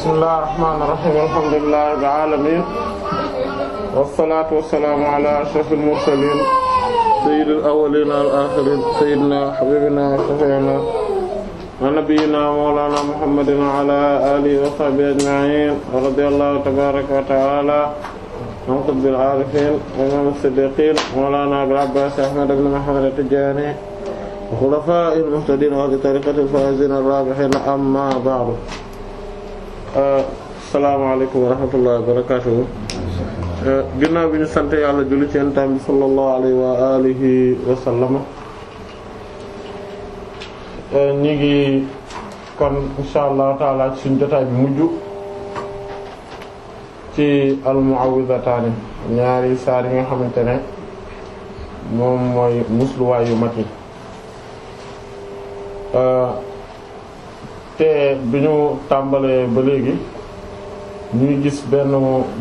bismillahir rahmanir rahim alhamdulillahi rabbil alamin wassalatu wassalamu ala ashrafil mursalin sayyidil awwalin wal akhirin sayyidina habibina shafi'ina wa nabiyyina mawlana muhammadin wa ala alihi wa sahbihi ajma'in radiyallahu tabaraka wa ta'ala an qutbil arifin imam as-siddiqin mawlana abil abbas ahmad ibn muhammad at-tijani وخلفاء المهتدين وهذه طريقة الفائزين الرابحين أما بعد Euh, salaamaaleykum wa rahmatullahi wa barakatuh euh, ginnaaw bi ñu sant yàlla julli ci yentam bi sallallahu alayhi wa alihi wa sallama euh, ñi ngi kon insha allah taala ci suñu jotaay bi mujj ci al ñaari saar yi nga xamante ne moom mooy musluwaay yu mat yi te bi ñu tàmbalee ba léegi ñuy gis benn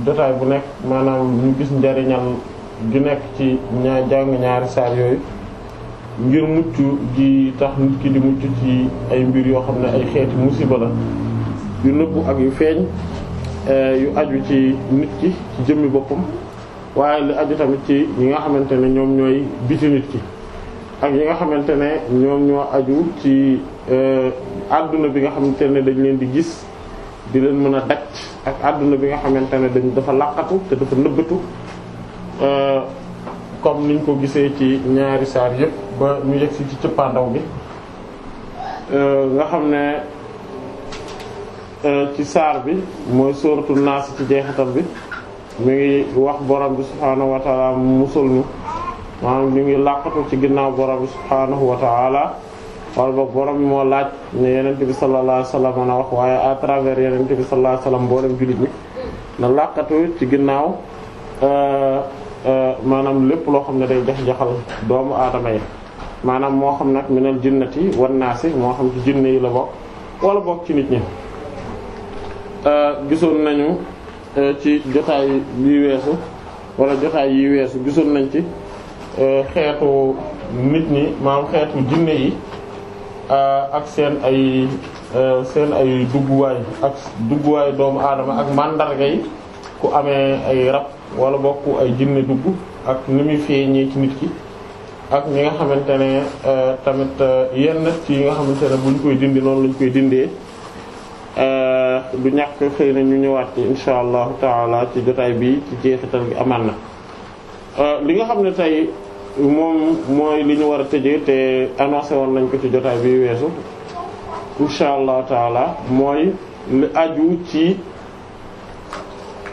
détail bu nekk maanaam ñu gis njariñam gi nekk ci ñaa jàng ñaari saar yooyu ngir mucc gi tax nit ki di mucc ci ay mbir yoo xam ne ay xeeti musiba la yu nëbbu ak yu feeñ e, yu aju ci nit ki ci jëmmi boppam waaye li aju tamit ci ñi nga xamante ne ñoom ñooy biti nit ki ak yi nga xamante ne ñoom ñoo aju ci euh, àdduna bi nga xamante ne dañ leen di gis di leen mën a daj ak àdduna bi nga xamante ne dañ dafa laqatu te dafa nëbbatu euh, comme niñ ko gisee ci ñaari saar yëpp ba ñu yegsi ci cëppaandaw bi euh, nga xam ne ci saar bi mooy sóoratu naas ci jeexital bi mu ngi wax borom bi subhaanahu wa ta'ala musul ñu maanaam ñu ngi làqatu ci ginnaaw borom bi subhaanahu wa ta'ala wala boog moo laaj ne yenente bi sallallahu alayhi wax waaye à travers yenente bi sallallahu alayhi wasallam boo dem jullit ñi na làqatu ci ginnaaw euh, euh, maanaam lépp loo xam ne day jax-jaxal doomu aadama yi maanaam moo xam nag minal jinnati wan naasi moo xam ci jinne yi la bokk wala bokk ci nit ñi euh, gisoon nañu ci jotaay yi weesu wala jotaay yi weesu gisoon nañ ci Euh, xeetu nit ñi maam xeetu jinne yi euh, ak seen ay euh, seen ay dugguwaay ak dugguwaay doomu aadama ak màndarga yi ku amee ay rab wala bokk ay jinne dugg ak ni muy feeñee ci nit ki ak ñi nga xamante ne tamit yenn ci yi nga xamante ne bu ñu koy dindi noonu lañ koy dindee du ñàkk xëy na ñu ñëwaat ci insha allahu taala ci jotaay bi ci jeexital gi amaan na Euh, li nga xam ne tey moom mooy li ñu war a tëjee te annoncé woon nañ ko ci jotaay bi weesu insha allah taala mooy li aju ci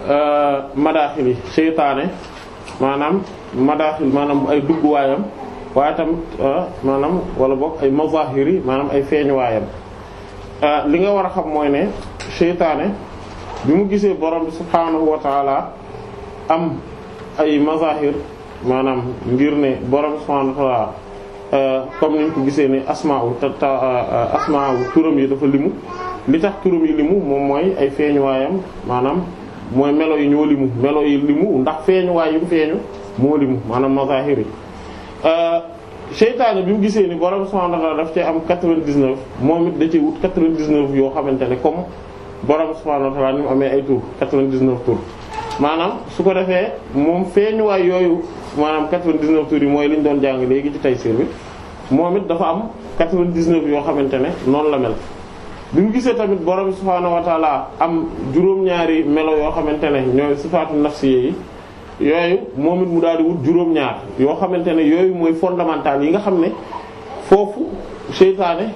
euh, madaaxil yi seytaane maanaam madaaxil maanaam ay dugguwaayam waaye tamit euh, maanaam wala boog ay mazahiri maanaam ay feeñuwaayam li nga war a xam mooy ne seytaane bi mu gisee borom bi subhaanahu wa am ay mazahir maanaam ngir ne borom subhanahu wa ta'ala euh, comme niñ ko gisee ne asma'u ta euh, asma'u turam yi dafa limu li tax turam yi limu moom mooy ay waayam maanaam mooy melo yi ñoo limu melo yi limu ndax feeñuwaay yu mu feeñu moo limu maanaam mazahir yi euh, seytaane bi mu gisee ni borom subhanahu wa ta'ala daf cee am 99 moom it da cee wut 99 yoo xamante ne comme borom subhanahu wa ta'ala ni mu amee ay tur 99 tur maanaam su ko defee moom feeñuwaay yooyu maanaam 99 tur yi mooy li ñu doon jàng léegi ci Tayssîr bi moom it dafa am 99 yoo xamante ne noonu la mel. bi mu gisee tamit borom subhaanahu wa am juróom-ñaari melo yoo xamante ne ñooy sifaatu nafsiyya yi yooyu moom it mu daal di wut juróom-ñaar yoo xamante ne yooyu mooy fondamental yi nga xam ne foofu seytaane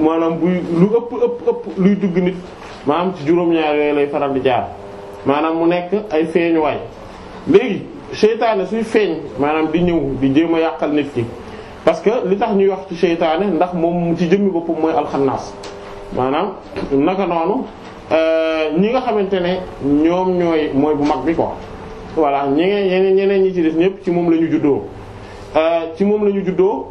maanaam buy lu ëpp ëpp ëpp luy dugg nit maanaam ci juróom-ñaar yooyu lay faral di jaar. maanaam mu nekk ay feeñuwaay léegi seytaane suy feeñ maanaam di ñëw di jéem a yàqal nit ki parce que li tax ñuy wax ci seytaane ndax moom ci jëmmi boppam mooy alxannaas maanaam naka noonu euh, ñi nga xamante ne ñoom ñooy mooy bu mag bi ko voilà ñeneen ñeneen ñeneen ñi ci des ñëpp ci moom la juddoo euh, ci moom la juddoo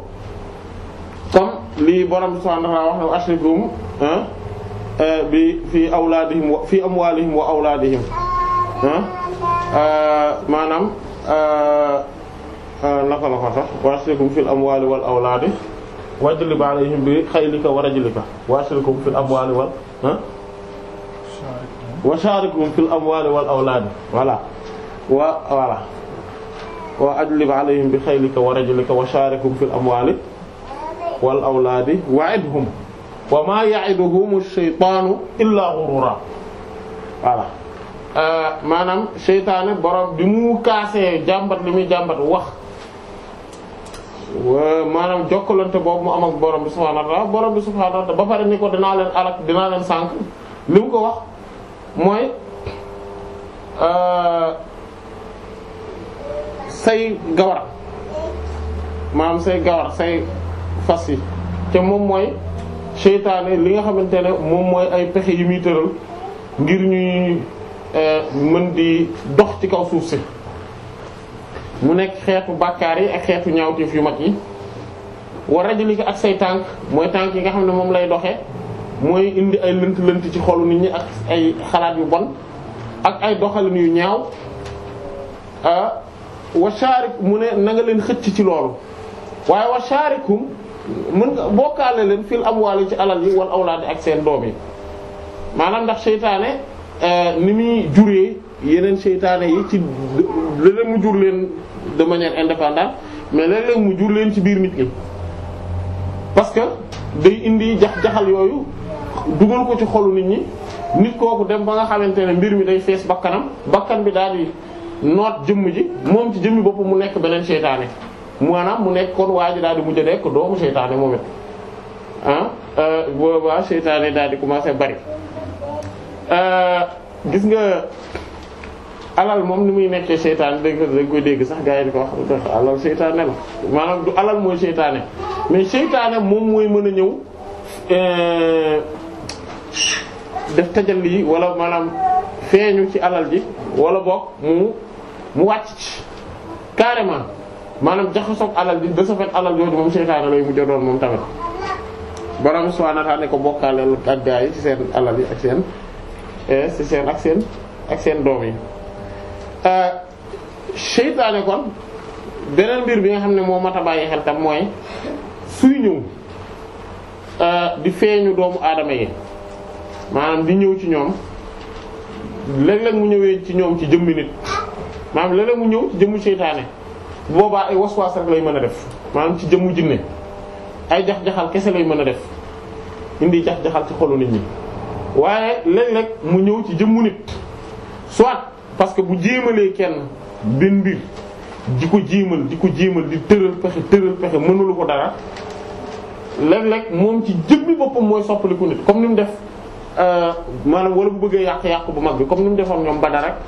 comme li borom subhanahu wa ta'ala wax na ashrifum Eh, bi fi awlaadihim wa fi amwaalihim wa awlaadihim eh, maanaam eh, naka la ko sax washrikum fil amwaali wal awlaadi wajlib alayhim bi xaylika wa rajlika washrikum fil amwaali wal wa sharikum fil amwaali wal awlaadi voilà wa voilà wa ajlib alayhim bi xaylika wa rajlika wa sharikum fil amwaali wal awlaadi wa'idhum wa ma ya'iduhumu shaytaanu illa ghurura voilà euh, maanaam seytaane borom bi mu kaasee jàmbat li muy jàmbat wax maanaam jokkalante boobu mu am ak borom bi subhaanahu wa ta'aala bi subhaanahu wa ba pare ni ko dinaa leen alak dinaa leen sànk li ko wax mooy euh, say gawar maanaam say gawar say fas yi te moom mooy seytaane li nga xamante ne moom mooy ay pexe yi muy ngir ñuy euh, mën di dox ci kaw suuf si mu nekk xeetu bàkkaar yi ak xeetu ñaawteef yu mag yi war rajuli ak say tànk mooy tànk yi nga xam ne moom lay doxe mooy indi ay lënt lënt ci xolu nit ñi ak ay xalaat yu bon ak ay doxalin yu ñaaw euh, wa shaarik mu ne na leen xëcc ci loolu waaye wa shaarikum mën nga bokkaale leen fil amwaali ci alal yi wal awlaadi ak seen doom yi maanaam ndax seytaane euh, ni muy juree yeneen seytaane yi ci léeg-léeg mu jur leen de manière mais léeg-léeg mu jur leen ci biir nit ñi parce que day indi jax jaxal yooyu dugal ko ci xolu nit ñi nit kooku dem ba nga xamante ne mbir mi day fees bakkanam bakkan bi daal di noot jëmm ji moom ci jëmmi bopp mu nekk beneen seytaane maanaam mu nekk kon waa ji daal di mujj a nekk doomu seytaane moom it ah boobaa euh, seytaane daal di commencé bari euh, gis nga alal moom ni muy nekkee seytaane dañ ko koy dégg sax gars yi di ko wax alal seytaane la maanaam du alal mooy seytaane mais seytaane moom mooy mën a ñëw euh, def tajalli wala maanaam feeñu ci alal ji wala bokk mu mu wàcc ci carrément. maanaam jaxasoog alal bi de ce alal yooyu moom seytaane lay mujj doon moom tamit borom subhaanahu wa ta'aala ko bokkaaleel ak gaa yi ci seen alal yi ak seen eh, ci seen ak seen ak seen doom yi. Eh, seytaane kon beneen mbir bi nga xam ne moo mat bàyyi xel tam mooy suy ñëw eh, di feeñu doomu aadama yi maanaam di ñëw ci ñoom léeg-léeg mu ñëwee ci ñoom ci jëmmi nit maanaam léeg mu ñëw jëmmu seytaane. boobaa ay waswaas rek lay mën a def maanaam ci jëmmu jinne ay jax-jaxal kese lay mën a def indi jax-jaxal ci xolu nit ñi waaye léeg-léeg mu ñëw ci jëmmu nit soit parce que bu jéemalee kenn bin mbir di ko jéemal di ko jéemal di tëral pexe tëral pexe mënulu ko dara léeg-léeg moom ci jëmmi boppam mooy soppaliku nit comme ni mu def euh, maanaam wala bu bëggee yàq-yàq bu mag bi comme ni mu defoon ñoom Badar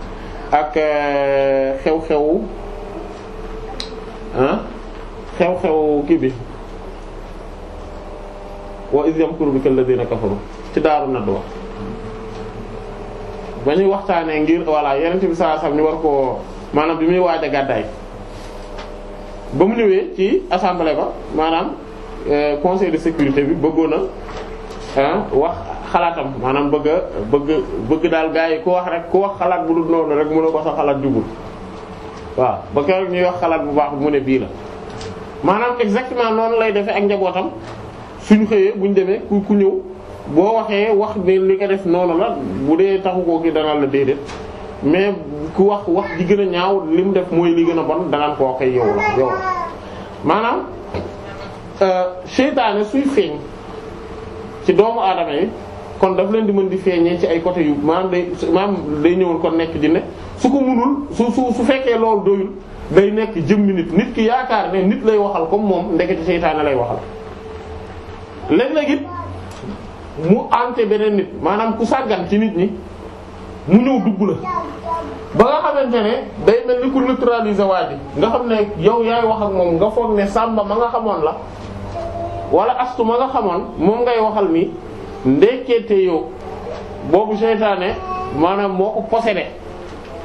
ak euh, xew-xewu xew-xew kii bi wa iz yamkuru la alladhina kafaru ci daaru nadwa ba ñuy waxtaanee ngir voilà yeneen bi saa sam ñu war koo maanaam bi muy waaj a gàddaay ba mu ñëwee ci assemblée ko maanaam euh, conseil de sécurité bi bëggoon na wax xalaatam maanaam bëgg a bëgg bëgg daal gars yi ku wax rek ku wax xalaat bu dul noonu rek mënoo ko sa xalaat jubul waaw ba keroog ñuy wax xalaat bu baax mu ne bii la maanaam exactement noonu lay defee ak njabootam suñu xëyee buñ demee ku ku ñëw boo waxee wax ne li ko des noonu la bu dee taxu koo gi danaan la déedéet mais ku wax wax di gën a ñaaw li mu def mooy li gën a bon danaan koo xëy yow la yow maanaam euh, seytaane suy feeñ ci doomu aadama yi kon daf leen di mën di feeñee ci ay côté yu maanaam day maanaam day ñëwul kon nekk jinne su ko munul su su fekkee loolu doyul day nekk jëmmi nit nit ki yaakaar ne nit lay waxal comme moom ndekete seytaane lay waxal léeg-léeg it mu ante beneen nit maanaam ku sàggan ci nit ñi mu ñëw dugg la ba nga xamante ne day mel ni ku neutraliser waa ji nga xam ne yow yaay wax ak moom nga foog ne sàmba ma nga xamoon la wala astu ma nga xamoon moom ngay waxal mi ndekete yow boobu seytaane maanaam moo ko possédé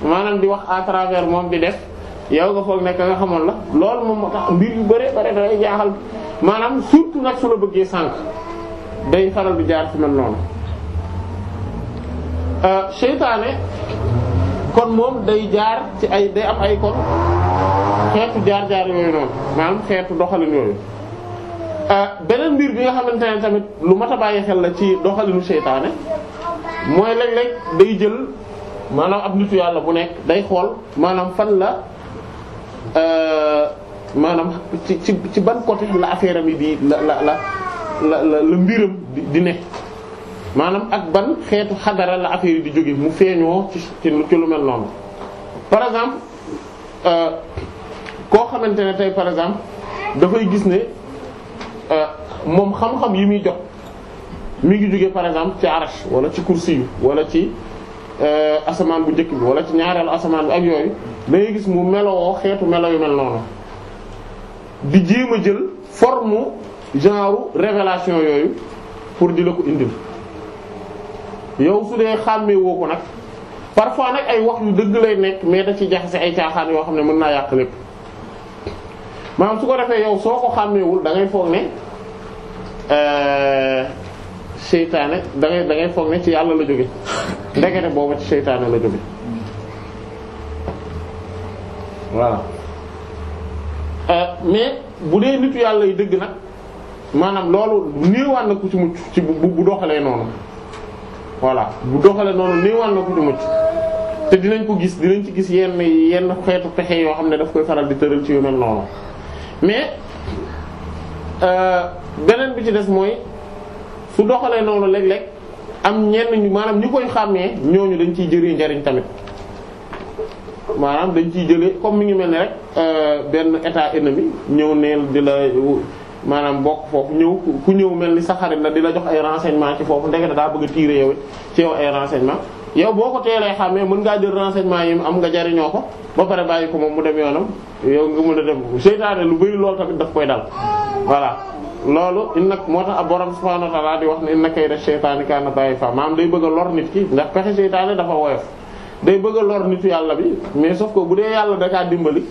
maanaam di wax à travers moom di def yow nga foog nekk nga xamoon la loolu moom moo tax mbir yu bare bare day jaaxal maanaam surtout nag su la bëggee sànq day faral di jaar ci mel noonu euh, seytaane kon moom day jaar ci ay day am ay kon xeetu jaar-jaar yooyu noonu maanaam xeetu doxalin yooyu Euh, beneen mbir bi nga xamante ne tamit lu mat a bàyyi xel la ci doxalinu seytaane mooy léeg-léeg day jël maanaam ab nitu yàlla bu nekk day xool maanaam fan la euh, maanaam ci ci ci ban côté la affaire am yi di la la la mbiram di nekk maanaam ak ban xeetu xadara la affaire yi di jóge mu feeñoo ci ci lu mel noonu par exemple euh, koo xamante ne tey par exemple dafay gis ne. Euh, moom xam-xam yi muy jot mi ngi jóge par exemple ci arash wala ci kursi yu wala ci euh, asamaan bu njëkk bi wala ci ñaareelu asamaan bi ak yooyu da gis mu meloo xeetu melo yu mel noonu di jéem a jël forme genre révélation yooyu pour di la ko indil yow su dee xàmmee woo ko nag parfois nag ay wax lu dëgg lay nekk mais da ci jaxase ay caaxaan yoo xam ne mën naa yàq lépp. maanaam su ko defee yow soo ko xàmmeewul da ngay foog ne euh, seytaane da ngay da foog ne ci yàlla la jóge ndekete booba ci seytaane la jóge voilà euh, mais bu dee nitu yàlla yi dëgg nag maanaam loolu néewaan na ku ci mucc ci bu bu doxalee noonu voilà bu doxalee noonu néewaan na ku ci mucc te dinañ ko gis dinañ ci gis yenn yenn xeetu pexe yoo xam ne daf koy faral di tëral ci yu mel noonu. mais euh, beneen bi ci des mooy su doxalee noonu léeg-léeg am ñenn ñu maanaam ñu koy xàmmee ñooñu dañ ciy jëriñ njariñ tamit maanaam dañ ciy jëlee comme mi ngi mel ni rek euh, benn état ennemi ñëw neel di la maanaam bokk foofu ñëw ku ñëw mel ni sa xarit la di la jox ay renseignement ci foofu ndeke daa bëgg a tiire yow ci yow ay renseignement yow boo ko teelee xàmmee mën ngaa jël renseignement yi am nga jariñoo ko ba pare bàyyi ko moom mu dem yoonam yow nga mën a dem seytaane lu bari lool tamit daf koy dal voilà loolu nag moo tax ab borom subhaanahu wa ta'aala di wax ne inna kayda shaytaani kaana da'iifa maam day bëgg a lor nit ki ndax pexe seytaane dafa woyof day bëgga a lor nitu yàlla bi mais sauf que bu dee yàlla da kaa dimbali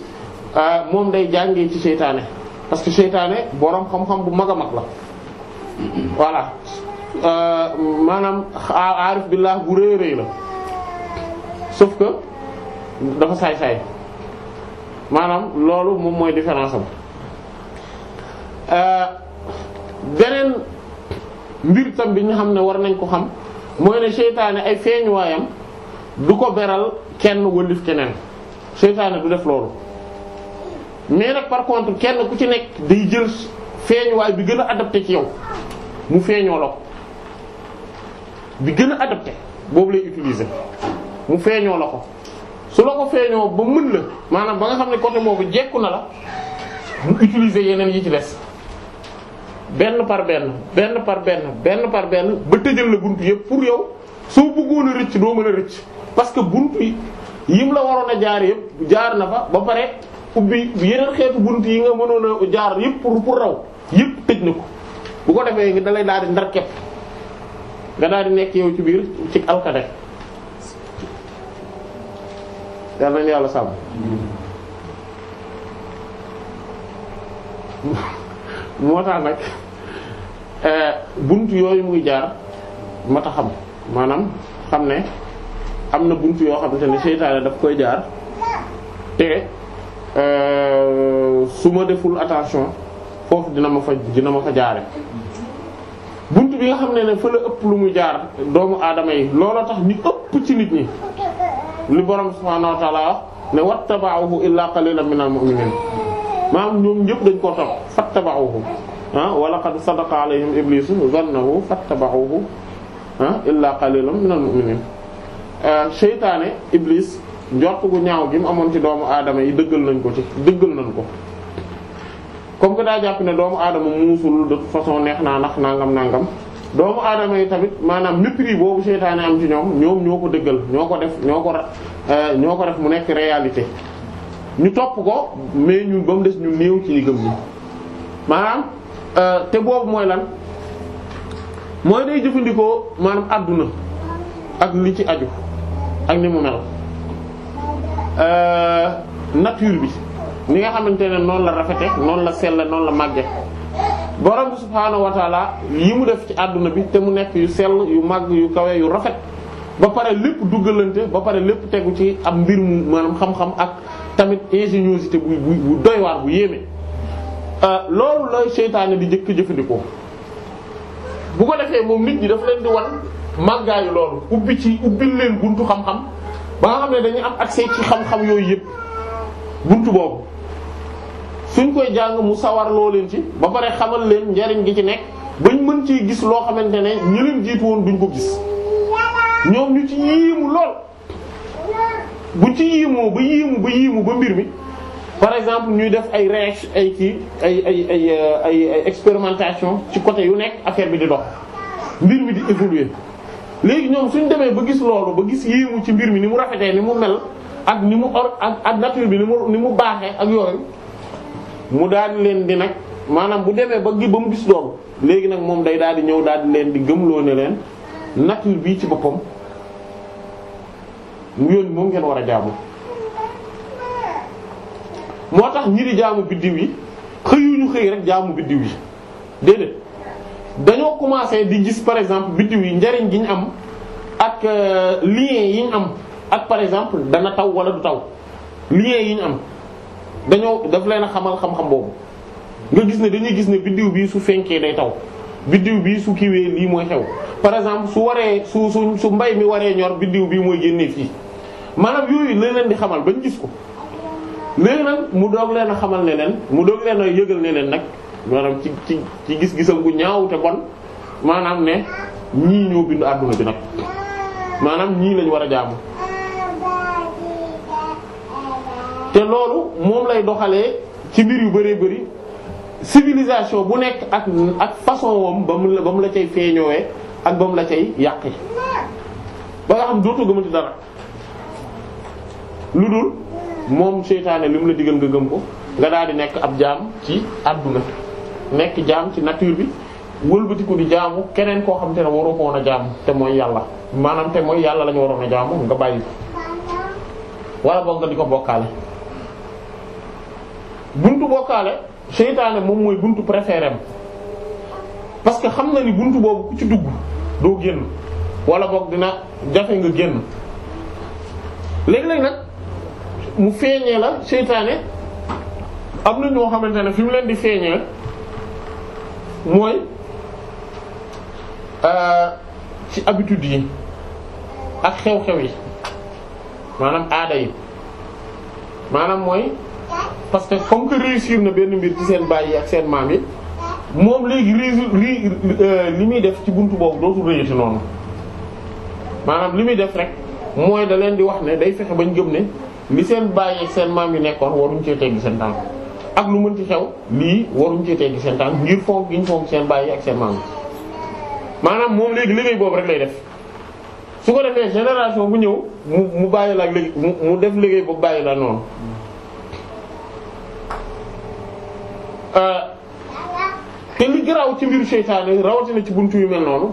ah, moom day jàngee ci seytaane parce que seytaane borom xam bu mag a mag la Euh, maanaam aarif billah gu rëy rëy la sauf que dafa saay-saay maanaam loolu moom mooy différence am euh, beneen mbir tam bi ñu xam ne war nañ ko xam mooy ne seytaane ay feeñuwaayam du ko beral kenn wëlif keneen seytaane du def loolu mais nag par contre kenn ku ci nekk day jël feeñuwaay bi gën a adapté ci yow mu feeñoo la bi gën a adapté boobu lay utiliser mu feeñoo la ko su la ko feeñoo ba mën la maanaam ba nga xam ne côté boobu jekku na la mu utiliser yeneen yi ci des benn par benn benn par benn benn par benn ba tëjal la buntu yëpp pour yow soo bëggoon a rëcc doo mën a rëcc parce que buntu yi yim la waroon a jaar yëpp jaar na fa ba pare ubbi yeneen xeetu buntu yi nga mënoon a jaar yëpp pour pour raw yëpp tëj na ko bu ko defee dalay daal di ndar képp nga daal di nekk yow ci biir ci alkade yàlla nañu yàlla sàmm moo tax nag euh, bunt yooyu muy jaar mat a xam maanaam xam ne am na bunt yoo xamante ne seytaane daf koy jaar te euh, su ma deful attention foofu dina ma fa dina ma fa jaare bi nga xam ne ne fa lu mu jaar doomu aadama yi looloo tax ñu ëpp ci nit ñi li borom subhaanahu wa ta'aala wax ne wattaba'uhu illaa qaliilan minal mu'miniin maanaam ñoom ñëpp dañ koo topp fattaba'uhu ah wa laqad sadaqa alayhim ibliisu zannahu fattaba'uhu ah illaa qaliilan minal mu'miniin euh, seytaane iblis njort ñaaw gi mu amoon ci doomu aadama yi dëggal nañ ko ci dëggal nañ ko comme que daa jàpp ne doomu aadama muusul de façon neex naa nax nangam nangam doomu aadama yi tamit maanaam mépris boobu seytaane am ci ñoom ñoom ñoo ko dëggal ñoo ko def ñoo ko euh, ñoo ko def mu nekk réalité ñu topp ko mais ñu ba mu des ñu néew ci ñi gëm ñi maanaam euh, te boobu mooy lan mooy day jëfandikoo maanaam àdduna ak li ci aju ak ni mu mel euh, nature bi ni nga xamante ne noonu la rafete noonu la selle noonu la màgge borom bi subhaanahu mu def ci àdduna bi te mu nekk yu sell yu màgg yu kawe yu rafet ba pare lépp duggalante ba pare lépp tegu ci am mbir mu maanaam xam-xam ak tamit ingéniosité bu bu bu doy waar bu euh, loolu lay seytaane di jëkk jëfandikoo bu ko defee moom nit ñi daf leen di wan màggaayu loolu ubbi ci ubbi leen buntu xam-xam ba nga xam ne dañuy am accès ci xam-xam yooyu yëpp buntu boobu suñ koy jàng mu sawar loo leen ci ba pare xamal leen njariñ gi ci nekk bañ mën ci gis loo xamante ne ñi leen jiitu woon duñ ko gis ñoom ñu ci yiimu lool buñ ci yiimoo ba yiimu ba yiimu ba mbir mi par exemple ñuy def ay recherche ay kii ay ay euh, ay ay expérimentation ci côté yu nekk affaire bi di dox mbir mi di évoluer léegi ñoom suñ demee ba gis loolu ba gis yiimu ci mbir mi ni mu rafetee ni mu mel ak ni mu or ak ak nature bi ni mu ni mu baaxee ak yooyu mu daal di leen di nag maanaam bu demee ba gi ba mu gis loolu léegi nag moom day daal di ñëw daal di leen di gëmloo ne leen nature bii ci boppam mu yónni moom ngeen war a jaamu. moo tax ñi di jaamu biddiw yi xëyuñu xëy rek jaamu biddiw yi déedéet dañoo commencé di gis par exemple biddiw yi njariñ gi ñu am ak euh, lien yi ñu am ak par exemple dana taw wala du taw lien yi ñu am. dañoo daf leen a xamal xam-xam boobu nga gis ne dañuy gis ne biddiw bii su fenkee day taw biddiw bii su kiiwee lii mooy xew par exemple su waree su su mbay mi waree ñor biddiw bii mooy génnee fii maanaam yooyu la leen di xamal bañ gis ko léegi nag mu doog leen a xamal ne leen mu doog leen a yëgal ne leen nag maanaam ci ci ci gis-gisam gu ñaaw te bon maanaam ne ñii ñoo bindu àdduna bi nag maanaam ñii lañ war a jaamu te loolu moom lay doxalee ci mbir yu bëree bëri civilisation bu nekk ak ak façon wam ba mu la ba mu la ak ba mu la cay yàqi ba nga xam dootu gëmati dara lu dul moom seytaane li mu la digal nga gëm ko nga daal di nekk ab jaam ci àdduna nekk jaam ci nature bi wëlbatiku di jaamu keneen koo xam te ne waroo ko woon a jaamu te mooy yàlla maanaam te mooy yàlla lañu waroon a jaamu nga bàyyi ko wala boog nga di ko bokkaale. buntu bokkaale seytaane moom mooy buntu préféré am parce que xam na ni buntu boobu ku ci dugg doo génn wala boog dina jafe nga génn léeg-léeg nag mu feeñee la seytaane am na ñoo xamante ne fi mu leen di feeñee mooy euh, ci habitude yi ak xew-xew yi maanaam aada yi maanaam mooy. parce que comme que réussir na benn mbir ci seen bàyyi ak seen maam yi moom léegi li euh, li muy def ci bunt boobu dootul réyati noonu maanaam li muy def rek mooy da leen di wax ne day fexe bañ gëm ne li seen bàyyi ak seen maam yi nekkoon waruñ cee teggi seen ak lu mën ci xew lii waruñ cee teggi seen tànk ngir fonk giñ fonk seen bàyyi ak seen maam yi maanaam moom léegi liggéey boobu rek lay def su ko defee génération bu ñëw mu mu bàyyi la ak léegi mu def liggéey boobu bàyyi la noonu Euh, te li garaaw ci mbiru seytaane rawatina ci buntu yu mel noonu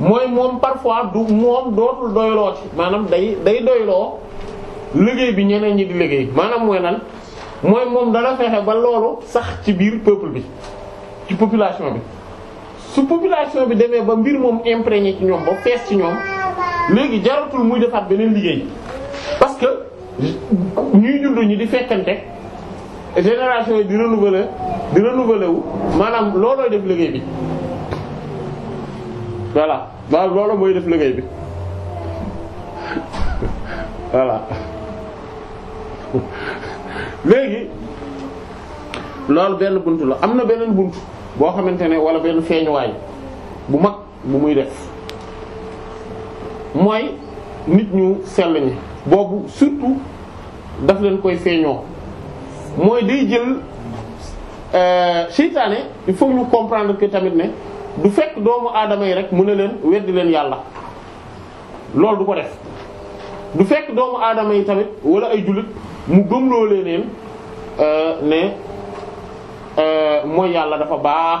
mooy moom parfois du moom dootul doyloo ci maanaam day day doyloo liggéey bi ñeneen ñi di liggéey maanaam mooy lan mooy moom dana fexe ba loolu sax ci biir peuple bi ci population bi su population bi demee ba mbir moom imprégné ci ñoom ba fees ci ñoom léegi jaratul muy defaat beneen liggéey parce que ñuy juddu ñu di fekkante. génération yi di renouveler di renouveler wu maanaam loolooy def liggéey bi voilà waaw loolu mooy def liggéey bi voilà léegi lool benn buntu la am na beneen bunt boo xamante ne wala benn feeñuwaay bu mag bu muy def mooy nit ñu sell ñi boobu surtout daf leen koy feeñoo mooy day jël euh, seytaane il faut ñu comprendre que tamit ne du fekk doomu aadama yi rek mu ne leen weddi leen yàlla loolu du ko def du fekk doomu aadama yi tamit wala ay jullit mu gëmloo leen euh, ne euh, mooy yàlla dafa baax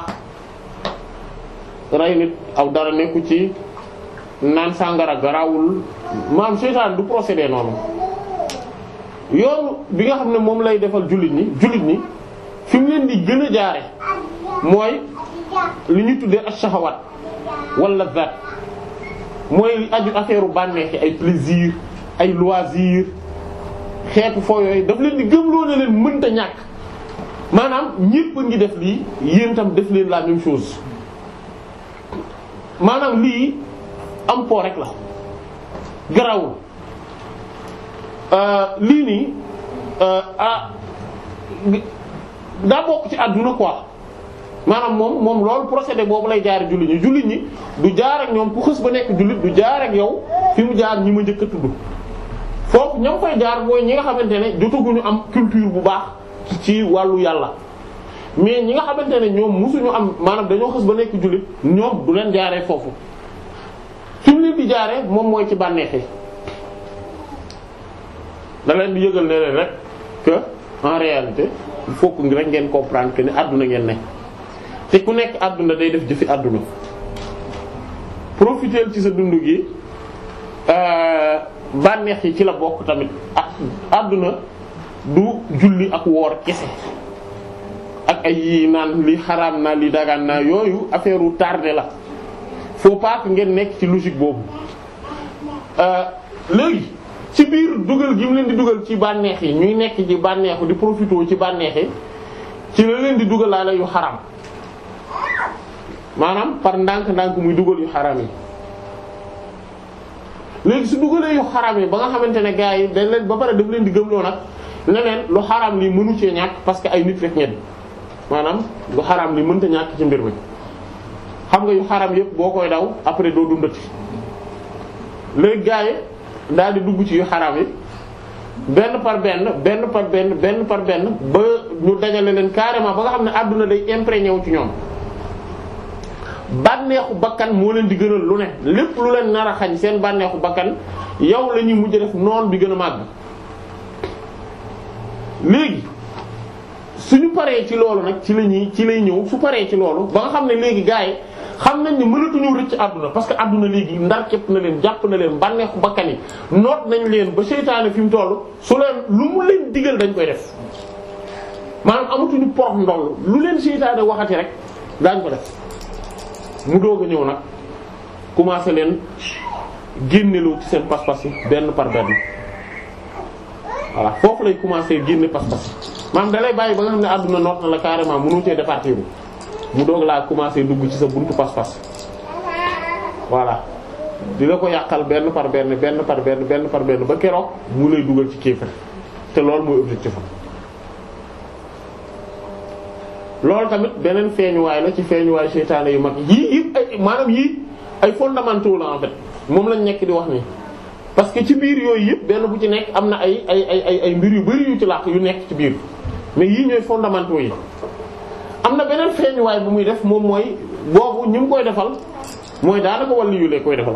rey nit aw dara nekku ci naan sàngara garawul maam seytaane du procéder noonu yoon bi nga xam ne moom lay defal jullit ñi jullit ñi fi mu leen di gën a jaare mooy li ñu tuddee ak shahawat wala zaat mooy li aju affaire bànneexi ay plaisir ay loisir xeetu foo yooyu daf leen di gëmloo ne leen mënta ñàkk maanaam ñépp ngi def lii yéen tam def leen la même chose maanaam lii am po rek la garawul Euh, lii nii euh, ah daa bokk ci àdduna quoi maanaam moom moom loolu procédé boobu lay jaar jullit ñi jullit ñi du jaar ak ñoom ku xës ba nekk jullit du jaar ak yow fi mu jaar ñi ma njëkk a tudd foofu ña koy jaar mooy ñi nga xamante ne jotaguñu am culture bu baax ci wàllu yàlla mais ñi nga xamante ne ñoom musuñu am maanaam dañoo xës ba nekk jullit ñoom du leen jaaree foofu fi mu leen di jaaree moom mooy ci bànneex yi da leen di yëgal ne leen rek que en réalité il rek ngeen comprendre que ni àdduna ngeen ne te ku nekk àdduna day def jëfi àdduna profiteel ci sa dund gi euh, bànneex yi ci la bokk tamit ak ah, àdduna du julli ak woor kese ak ay yii naan li xaraam naa li dagaan naa yooyu affaire u tardé la faut pas ngeen nekk ci logique boobu euh, léegi ci biir dugal gi mu leen di dugal ci bànneex yi ñuy nekk ci bànneexu di profité ci bànneex yi ci la leen di dugal laa yu xaram maanaam par ndànk-ndànk muy dugal yu xaram yi léegi su dugalee yu xaram yi ba nga xamante ne gars yi dañ leen ba pare daf leen di gëmloo nag leen lu xaram li mënu cee ñàkk parce que ay nit rek ñett maanaam lu xaram li mënta ñàkk ci mbir mi xam nga yu xaram yëpp boo koy daw après doo dundati léegi gars yi daal di dugg ci yu xaraam yi benn par benn benn par benn benn par benn ba ñu dajale leen carrément ba nga xam ne àdduna day imprégné wu ci ñoom bànneexu bakkan moo leen di gënal lu ne lépp lu leen nar a xañ seen bànneexu bakkan yow la ñuy mujj def noon di gën a màgg léegi su ñu paree ci loolu nag ci la ñuy ci lay ñëw su paree ci loolu ba nga xam ne léegi gars yi xam nañ ne mënatuñu rëcc àdduna parce que àdduna léegi ndar képp na leen jàpp na leen bànneexu bakkan yi noot nañ leen ba seytaane fi mu toll su leen lu mu leen digal dañ koy def maanaam amatuñu porof ndoll lu leen seytaane waxati rek daañ ko def mu doog a ñëw nag commencé leen génneloo ci seen pas-pas yi benn par benn voilà foofu lay commencé génne pas-pas maanaam da lay bàyyi ba nga xam ne àdduna noot na la carrément mënoo cee départir mu doog laa commencé dugg ci sa buntu pas-pas voilà dina ko yàqal benn par benn benn par benn benn par ba keroog mu lay dugal ci kéefër te loolu mooy objectif am loolu tamit beneen feeñuwaay la ci feeñuwaay seytaane yu mag yii yëpp ay maanaam yii ay fondamentaux la en fait moom lañ nekk di wax nii parce que ci biir yooyu yëpp benn bu ci nekk am na ay ay ay ay mbir yu bari yu ci làq yu nekk ci biir mais yii ñooy fondamentaux yi am na beneen feeñuwaay bu muy def moom mooy boobu ñi koy defal mooy daanaka wàllu yu lay koy defal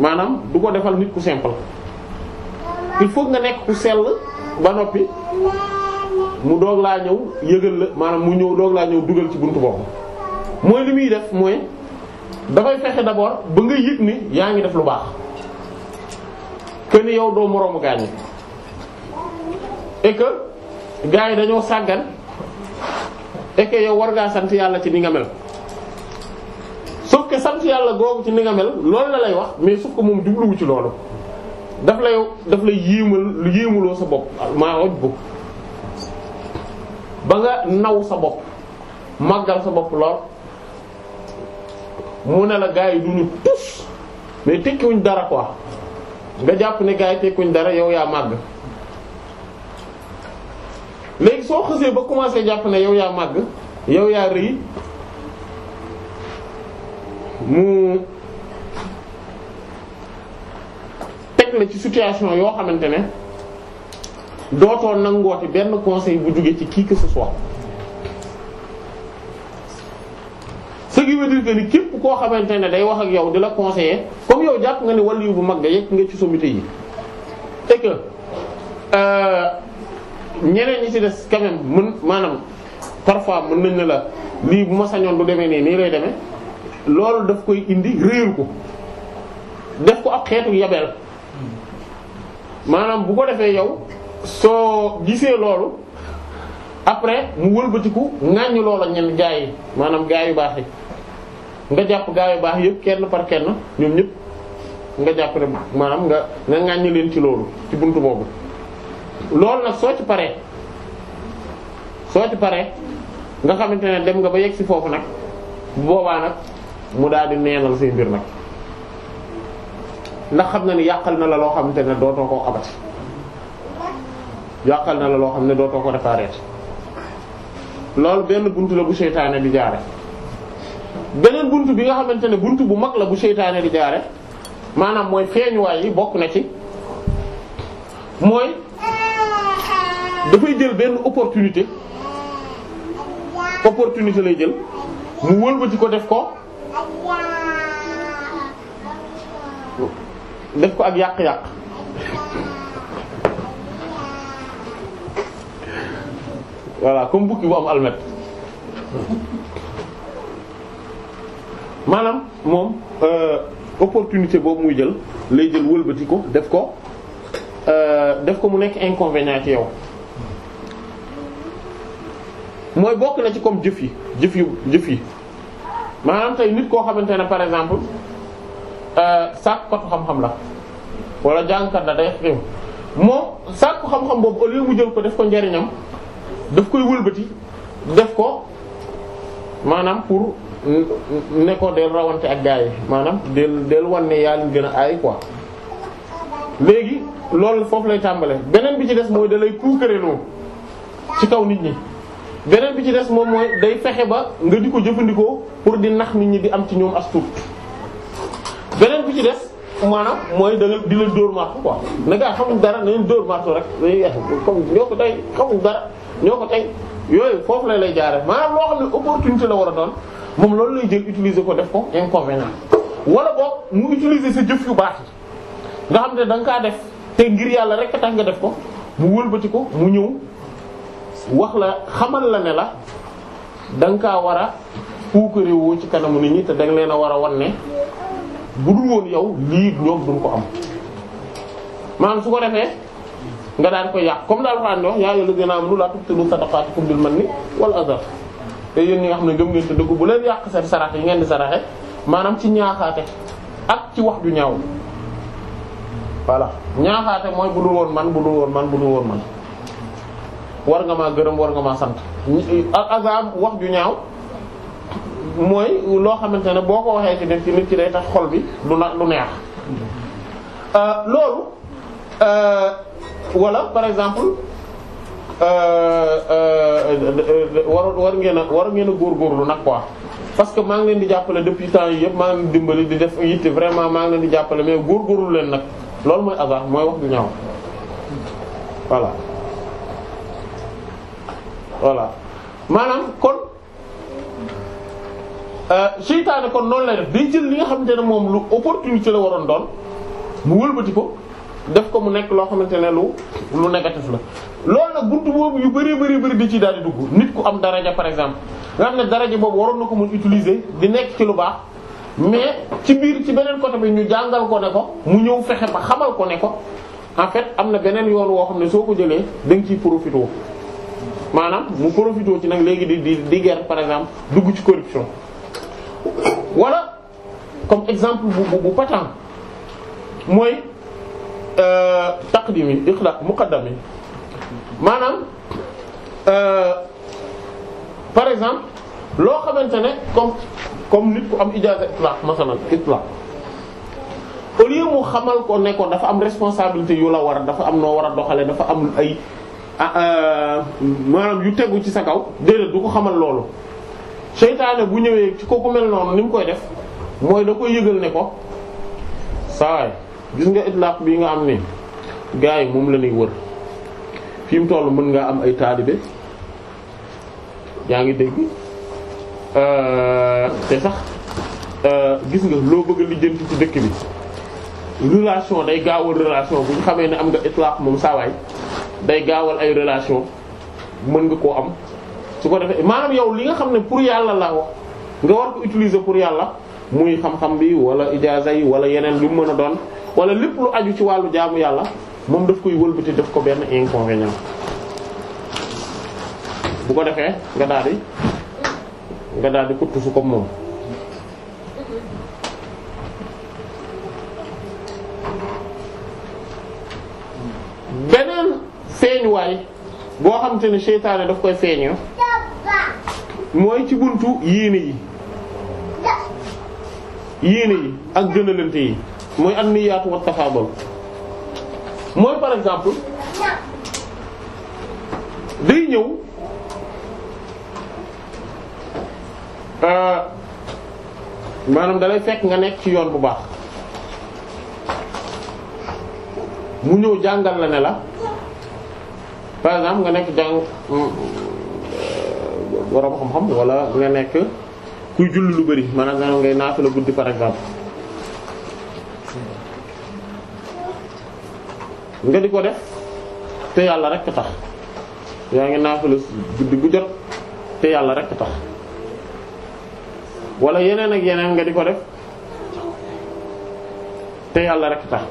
maanaam du ko defal nit ku simple il foog nga nekk ku sell ba noppi mu doog laa ñëw yëgal la maanaam mu ñëw doog laa ñëw dugal ci buntu boobu mooy li muy def mooy dafay fexe d'abord ba nga yëg ni yaa ngi def lu baax que ni yow doo moroomu gaañu et gars yi dañoo sàggan et que war ngaa sant yàlla ci ni nga mel sauf que sant yàlla googu ci ni nga mel loolu lay wax mais sauf que moom jubluwu ci loolu daf lay daf lay yéemal yéemaloo sa bopp maa oj bu ba nga naw sa bopp màggal sa bopp lool mu ne la gars yi du ñu tus mais tekkiwuñ dara quoi nga jàpp ne gaa yi tekkiwuñ dara yow yaa màgg léegi soo xësee ba commencé jàpp na yow yaa màgg yow yaa rëy mu teg la ci situation yoo xamante ne dootoo nangooti benn conseil bu jóge ci kii que ce soit ce qui dire que ni képp koo xamante ne day wax ak yow di la conseiller comme yow jàpp nga ne wàllu bu mag da yegg nga ci sommité yi et que. Euh, ñeneen ñi ci des quand même mën maanaam tarfois mën nañ ne la lii bu ma sañoon du demee nii nii lay demee loolu daf koy indi réeru ko def ko ak xeetu yabeel maanaam bu ko defee yow soo gisee loolu après mu wëlbatiku ŋàññi loola ñenn gaa yi maanaam gaa yu baax yi nga jàpp gaa yu baax yëpp kenn par kenn ñoom ñëpp nga jàpp ne maanaam nga nga ŋàññi leen ci loolu ci buntu boobu. lool nag soo ci paree soo ci paree nga xamante ne dem nga ba yegg si foofu nag bu boobaa nag mu daal di neenal say mbir nag ndax xam na ni yàqal na la loo xamante ne dootoo ko abati yàqal na la loo xam ne dootoo ko réparer loolu benn bunt la bu seytaane di jaare beneen buntu bi nga xamante ne bunt bu mag la bu seytaane di jaare maanaam mooy feeñuwaay yi bokk na ci mooy dafay jël benn opportunité opportunité lay jël mu wëlbati ko def ko def ko ak yàq-yàq voilà comme bukki bu am almet maanaam moom euh, opportunité boobu muy jël lay jël wëlbati ko def ko euh, def ko mu nekk inconvénient ci yow mooy bokk na ci comme jëf yi jëf yu jëf yi maanaam tey nit koo xamante ne par exemple euh, sàkkatu xam-xam la wala jàngkat la day xew moom sàkku xam-xam boobu au lieu mu jël ko def ko njariñam daf koy wëlbati def ko maanaam pour ne ko del rawante ak gaa yi maanaam del del wan ne yaa leen gën a ay quoi léegi loolu foofu lay tàmbale beneen bi ci des mooy da lay puukareloo ci kaw nit ñi beneen bi ci des moom mooy day fexe ba nga di ko jëfandikoo pour di nax nit ñi di am ci ñoom as tuut beneen bi ci des maanaam mooy da di leen dóor martu quoi na ngaa xamuñ dara na leen dóor rek day comme ñoo ko tey xamuñ dara ñoo ko tey yooyu foofu la lay jaare maanaam loo xam ne opportunité la war a doon moom loolu lay jël utiliser ko def ko inconvénient wala boog mu utiliser sa jëf yu baax yi nga xam ne da nga kaa def te ngir yàlla rek tax nga def ko mu wëlbati ko mu ñëw wax la xamal la ne la da nga war a puukare ci kanamu nit ñi te da leen a war a wan ne bu dul woon yow lii ñoom duñ ko am maanaam su ko defee nga daan koy yàq comme daal Alxuraan wax yaa ayyuhallazina lu laa tubtilu sadaqaatikum bil manni wal adha te yéen ñi nga xam ne gëm ngeen te dëggu bu leen yàq seen sarax yi ngeen di saraxe maanaam ci ñaaxaate ak ci wax ju ñaaw voilà ñaaxaate mooy bu woon man bu dul woon man bu dul woon man. war nga maa gërëm war nga maa sant azab wax ju ñaaw mooy loo xamante ne boo ko waxee ci nit ci nit ci day tax xol bi du na lu neex euh, loolu euh, wala par exemple euh, war war ngeen a war ngeen a góorgóorlu nag quoi parce que maa ngi leen di jàppale depuis temps yi yëpp maa ngi dimbali di def yitte vraiment maa ngi leen di jàppale mais góorgóorlu leen nag loolu mooy azar mooy wax du ñaaw voilà voilà maanaam kon euh, seytaane kon noonu lay def day jël li nga xamante ne moom lu opportunité la waroon doon mu wëlbati ko def ko mu nekk loo xamante ne lu lu négatif la loolu nag buntu boobu yu bëree bëri bëri di ci daal di dugg nit ku am daraja par exemple nga xam ne daraja boobu waroon na ko mun utiliser di nekk ci lu baax mais ci biir ci beneen côté bi ñu jàngal ko ne ko mu ñëw fexe ba xamal ko ne ko en fait am na beneen yoon woo xam ne soo ko jëlee da nga ciy profité maanaam mu profité ci nag léegi di di di guerre par exemple dugg ci corruption wala comme exemple bu bu patent mooy euh, taqdimi ikhla muqaddami maanaam euh, par exemple loo xamante ne comme comme nit ku am ijaaza itlaq masalan itlaq au lieu mu xamal ko ne ko dafa am responsabilité yu la war a dafa am noo war a doxale dafa am ay Ah, euh, maanaam yu tegu ci sa kaw déedéet du ko xamal loolu seytaane bu ñëwee ci kooku mel noonu ni mu koy def mooy da koy yëgal ne ko saay gis nga itlaq bii nga am ni gars yi moom la ñuy wër fi mu toll mën ngaa am ay taalibe yaa ngi dégg euh, te sax euh, gis nga loo bëgg a lijjanti ci dëkk bi relation day gaawal relation bu ñu xamee ne am nga itlaq moom saawaay day gaawal ay relation mën nga koo am su ko defee maanaam yow li nga xam ne pour yàlla la wax nga war ko utiliser pour yàlla muy xam-xam bi wala ijaaza yi wala yeneen lu mën a doon wala lépp lu aju ci wàllu jaamu yàlla moom daf koy wëlbati def ko benn inconvénient bu ko defee nga daal di nga daal di kuttu su comme moom feeñuwaay boo xamante ne seytaane daf koy feeñu mooy ci buntu yéene yi yéene yi ak gënalante yi mooy an niyaatu wa tafaabul mooy par exemple day ñëw euh, maanaam dalay fekk nga nekk ci yoon bu baax mu ñëw jàngal la ne la par exemple nga nekk jàng euh, borom xam-xam wala nga nekk kuy julli lu bari maanaam ngay naafila guddi par exemple nga di ko def te yàlla rek tax yaa ngi naafila guddi te yàlla rek tax wala yeneen ak yeneen nga di ko def te yàlla rek tax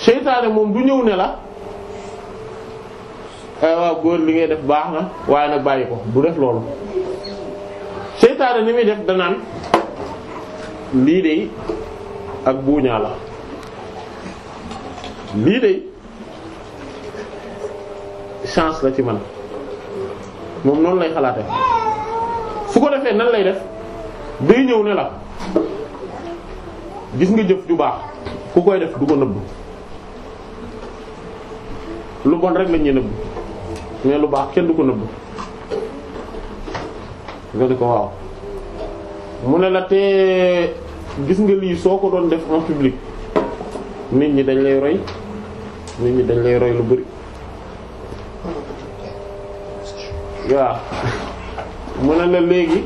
seytaane moom du ñëw ne la Eh, waaw góor li ngay def baax na waaye nag bàyyi ko du def loolu seytaane ni muy def danaan lii de ak buuñaa la lii de chance la ci man moom noonu lay xalaate fu ko defee nan lay def day ñëw ne la gis nga jëf ju baax ku koy def du ko nëbb lu bon rek lañuy nëbb mais lu baax kenn du ko nëbb nga di ko waaw mu ne la te gis nga lii soo ko doon def en public nit ñi dañ lay roy nit ñi dañ lay roy lu bari waaw mu ne la léegi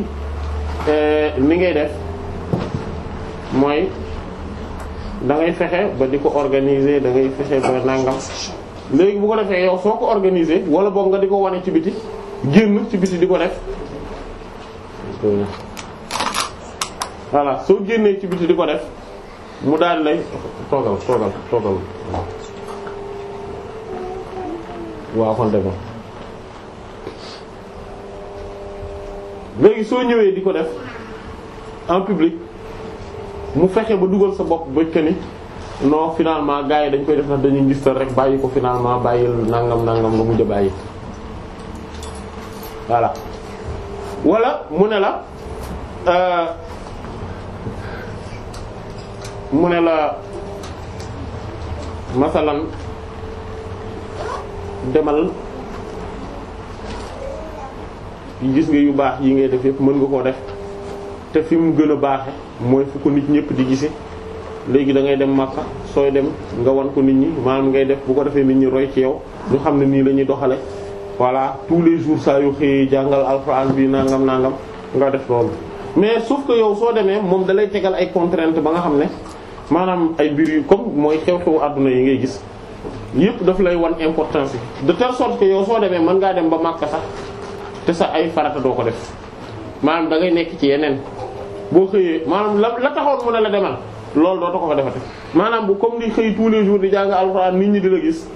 eh, ni ngay def mooy dangay fexe ba di ko organiser da ngay fexe ba nangam léegi bu ko defee yow soo ko organisé wala boog nga di ko wane ci biti génn ci biti di ko def voilà soo génnee ci biti di ko def mu daal lay toogal toogal toogal waaw kon ko léegi soo ñëwee di ko def en public mu fexe ba dugal sa bopp ba ni non finalement gars yi dañ koy def nag dañuy gis rek bàyyi ko finalement bàyyil nangam nangam nga mu a bàyyi voilà wala mu ne la euh, mu ne la masalan demal gis nga yu baax yi ngay def yëpp mën nga koo def te fi mu gën a baaxe mooy fu ko nit ñëpp di gise léegi da ngay dem Makka sooy dem nga wan ko nit ñi maanaam ngay def bu ko defee nit ñi roy ci yow ñu xam ne nii lañuy ñuy doxale voilà tous les jours saa yu jàngal alxuraan bi nangam nangam nga def loolu. mais sauf ko yow soo demee moom dalay tegal ay contraintes ba nga xam ne maanaam ay mbir yu comme mooy xew-xewu àdduna yi ngay gis yépp daf lay wan importance yi de telle sorte que yow soo demee mën ngaa dem ba Makka sax te sa ay farata doo ko def maanaam da ngay nekk ci yeneen boo xëyee maanaam la la taxoon la demal. loolu doo ko fa defati maanaam bu comme di xëy tous les jours di jàng alxuraan nit ñi di gis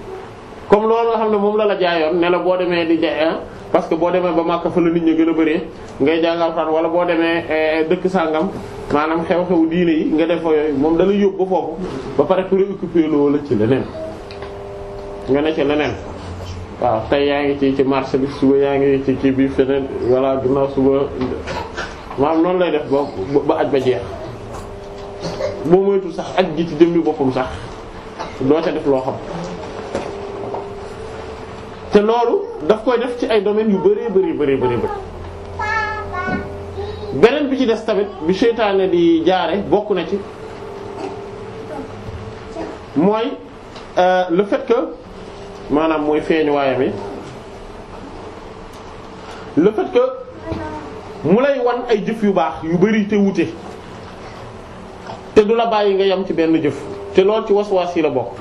comme loolu la xam ne moom la la jaayoon ne la boo demee di jaay ah, parce que boo demee ba Makka fa la nit ñi gën a bëree ngay jàng alxuraan wala boo demee eh, dëkk sàngam maanaam xew-xew diine yi nga def yooyu moom dalay yóbbu ba foofu ba pare préoccupé loo la ci leneen nga ne ci leneen waaw tey yaa ngi ci ci marché bi suba yaa ngi ci ci biir feneen voilà ginnaaw suba maanaam noonu lay def ba ba ba jeex. boo moytul sax ak gi ci jëmmi boppam sax doo ca def loo xam te loolu daf koy def ci ay domaines yu bëree bëri bëri bëri bëri beneen bi ci des tamit bi seytaane di jaare bokk na ci mooy euh, le fait maanaam mooy feeñu waayam yi le fait mu lay wan ay jëf yu baax yu bëri te wuute te du la bàyyi nga yem ci benn jëf te loolu ci waswaas yi la bokk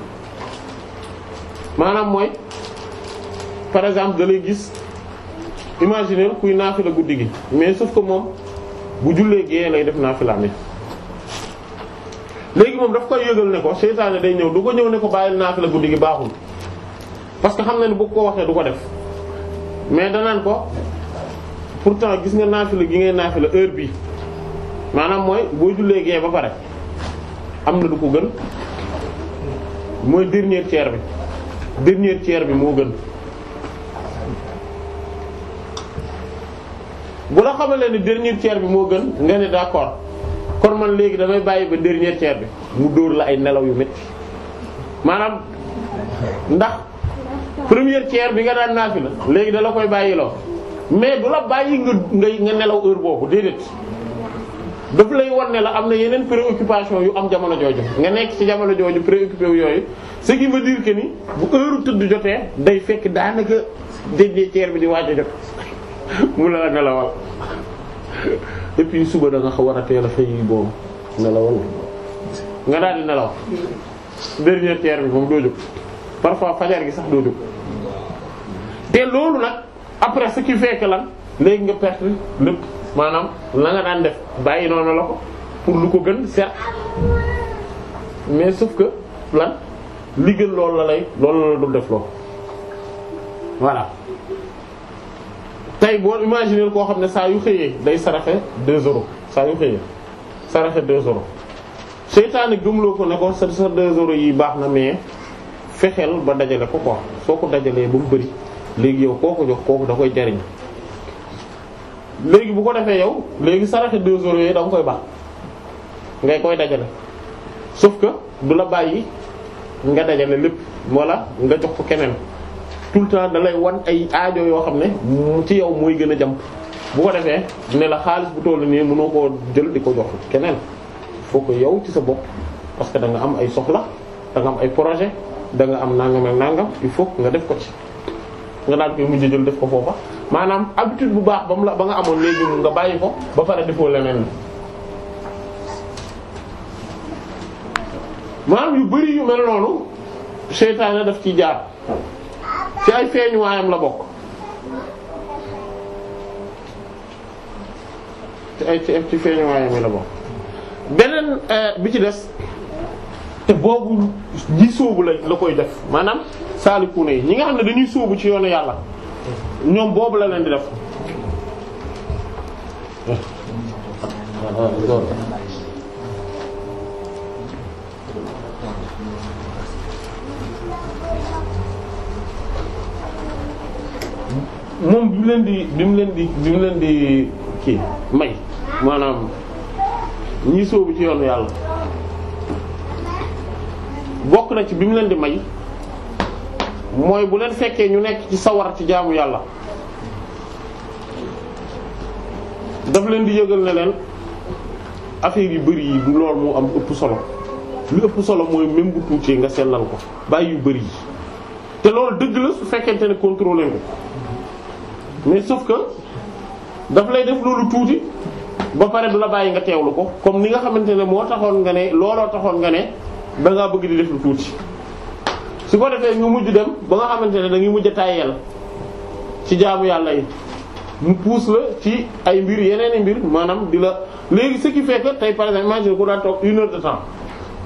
maanaam mooy par exemple da lay gis imaginer kuy la guddi gi mais sauf ko moom bu jullee gée lay def naafila mi léegi moom daf koy yëgal ne ko seytaane day ñëw du ko ñëw ne ko bàyyil la guddi gi baaxul parce que xam na ni bu ko waxee du ko def mais danaan ko pourtant gis nga naafila gi ngay la heure bi maanaam mooy boo jullee gée ba pare am na du ko gën mooy dernier tiers bi dernier tiers bi moo gën bu la xamalee ne dernier tiers bi moo gën nga ne d'accord kon man léegi damay bàyyi ba dernier tiers bi mu dóor la ay nelaw yu métti maanaam ndax premier tiers bi nga daan naafi la léegi dala koy bàyyiloo mais du la bàyyi nga nga nelaw heure boobu déedéet daf lay wan ne la am na yeneen préoccupation yu am jamono jooju nga nekk ci jamono jooju préoccupé wu yooyu ce qui veut dire que ni bu heure tëdd jotee day fekk daanaka déjee ceer bi di waaj a jot mu la ne la suba da nga xa war a teel a fay boobu nelawal nga daal di nelaw dernier teer bi moom doo jóg parfois fajar gi sax doo jóg te loolu nag après ce qui fait lan léegi nga perte lépp maanaam la nga daan def bàyyi noonu la ko pour lu ko gën certes mais sauf que lan li gën loolu la lay loolu la la dul def loo voilà tey boo imaginer koo xam ne saa yu xëyee day saraxe 2 euros saa yu xëyee saraxe 2 euros seytaane gëmloo ko ne ko sa sa 2 yi baax na mais fexeel ba dajale ko quoi soo ko dajalee ba bëri léegi yow koo ko jox kooku da koy jariñ léegi bu ko defee yow léegi saraxe deux euros yooyu da nga koy baax ngay koy dajale sauf que du la bàyyi nga dajale lépp wala nga jox ko keneen tout le temps da wan ay aajo yoo xam ne ci yow mooy gën a jàmp bu ko defee ne la xaalis bu toll nii mënoo koo jël di ko jox keneen foo ko yow ci sa bopp parce que da nga am ay soxla danga am ay projet da nga am nangam ak nangam il faut nga def ko ci nga daal koy mujj jël def ko foofa maanaam habitude bu baax ba mu la ba nga amoon léegi nga bàyyi ko ba pare defoo leneen maanaam yu bari yu mel noonu seytaane def ci jaar ci ay feeñuwaayam la bokk ci ay ci feeñuwaayam la bokk beneen euh, bi ci des te boobu ñi sóobu la la koy def maanaam saalikuune yi ñi nga xam ne dañuy sóobu ci yoonu yàlla ñoom boobu la leen di def moom bi mu leen di bi mu leen di bi mu leen di kii may maanaam ñi sóobu ci yoonu yàlla bokk na ci bi mu leen di may mooy bu leen fekkee ñu nekk ci sawar ci jaamu yàlla daf leen di yëgal ne leen affaire yu bari yi lool mu am ëpp solo lu ëpp solo mooy même bu tuutee nga sellal ko bàyyi yu bari yi te loolu dëgg la su fekkente ne contrôlé ko mais sauf que daf lay def loolu tuuti ba pare du la bàyyi nga teew teewlu ko comme ni nga xamante ne moo taxoon nga ne looloo taxoon nga ne da ngaa bëgg di def lu tuuti. su ko defee ñu mujj dem ba nga xamante ne dañuy mujj a tàyyeel ci jaabu yàlla yi mu pousse la ci ay mbir yeneen i mbir maanaam di la léegi ce qui fait que tey par exemple imagine ko daan toog une de temps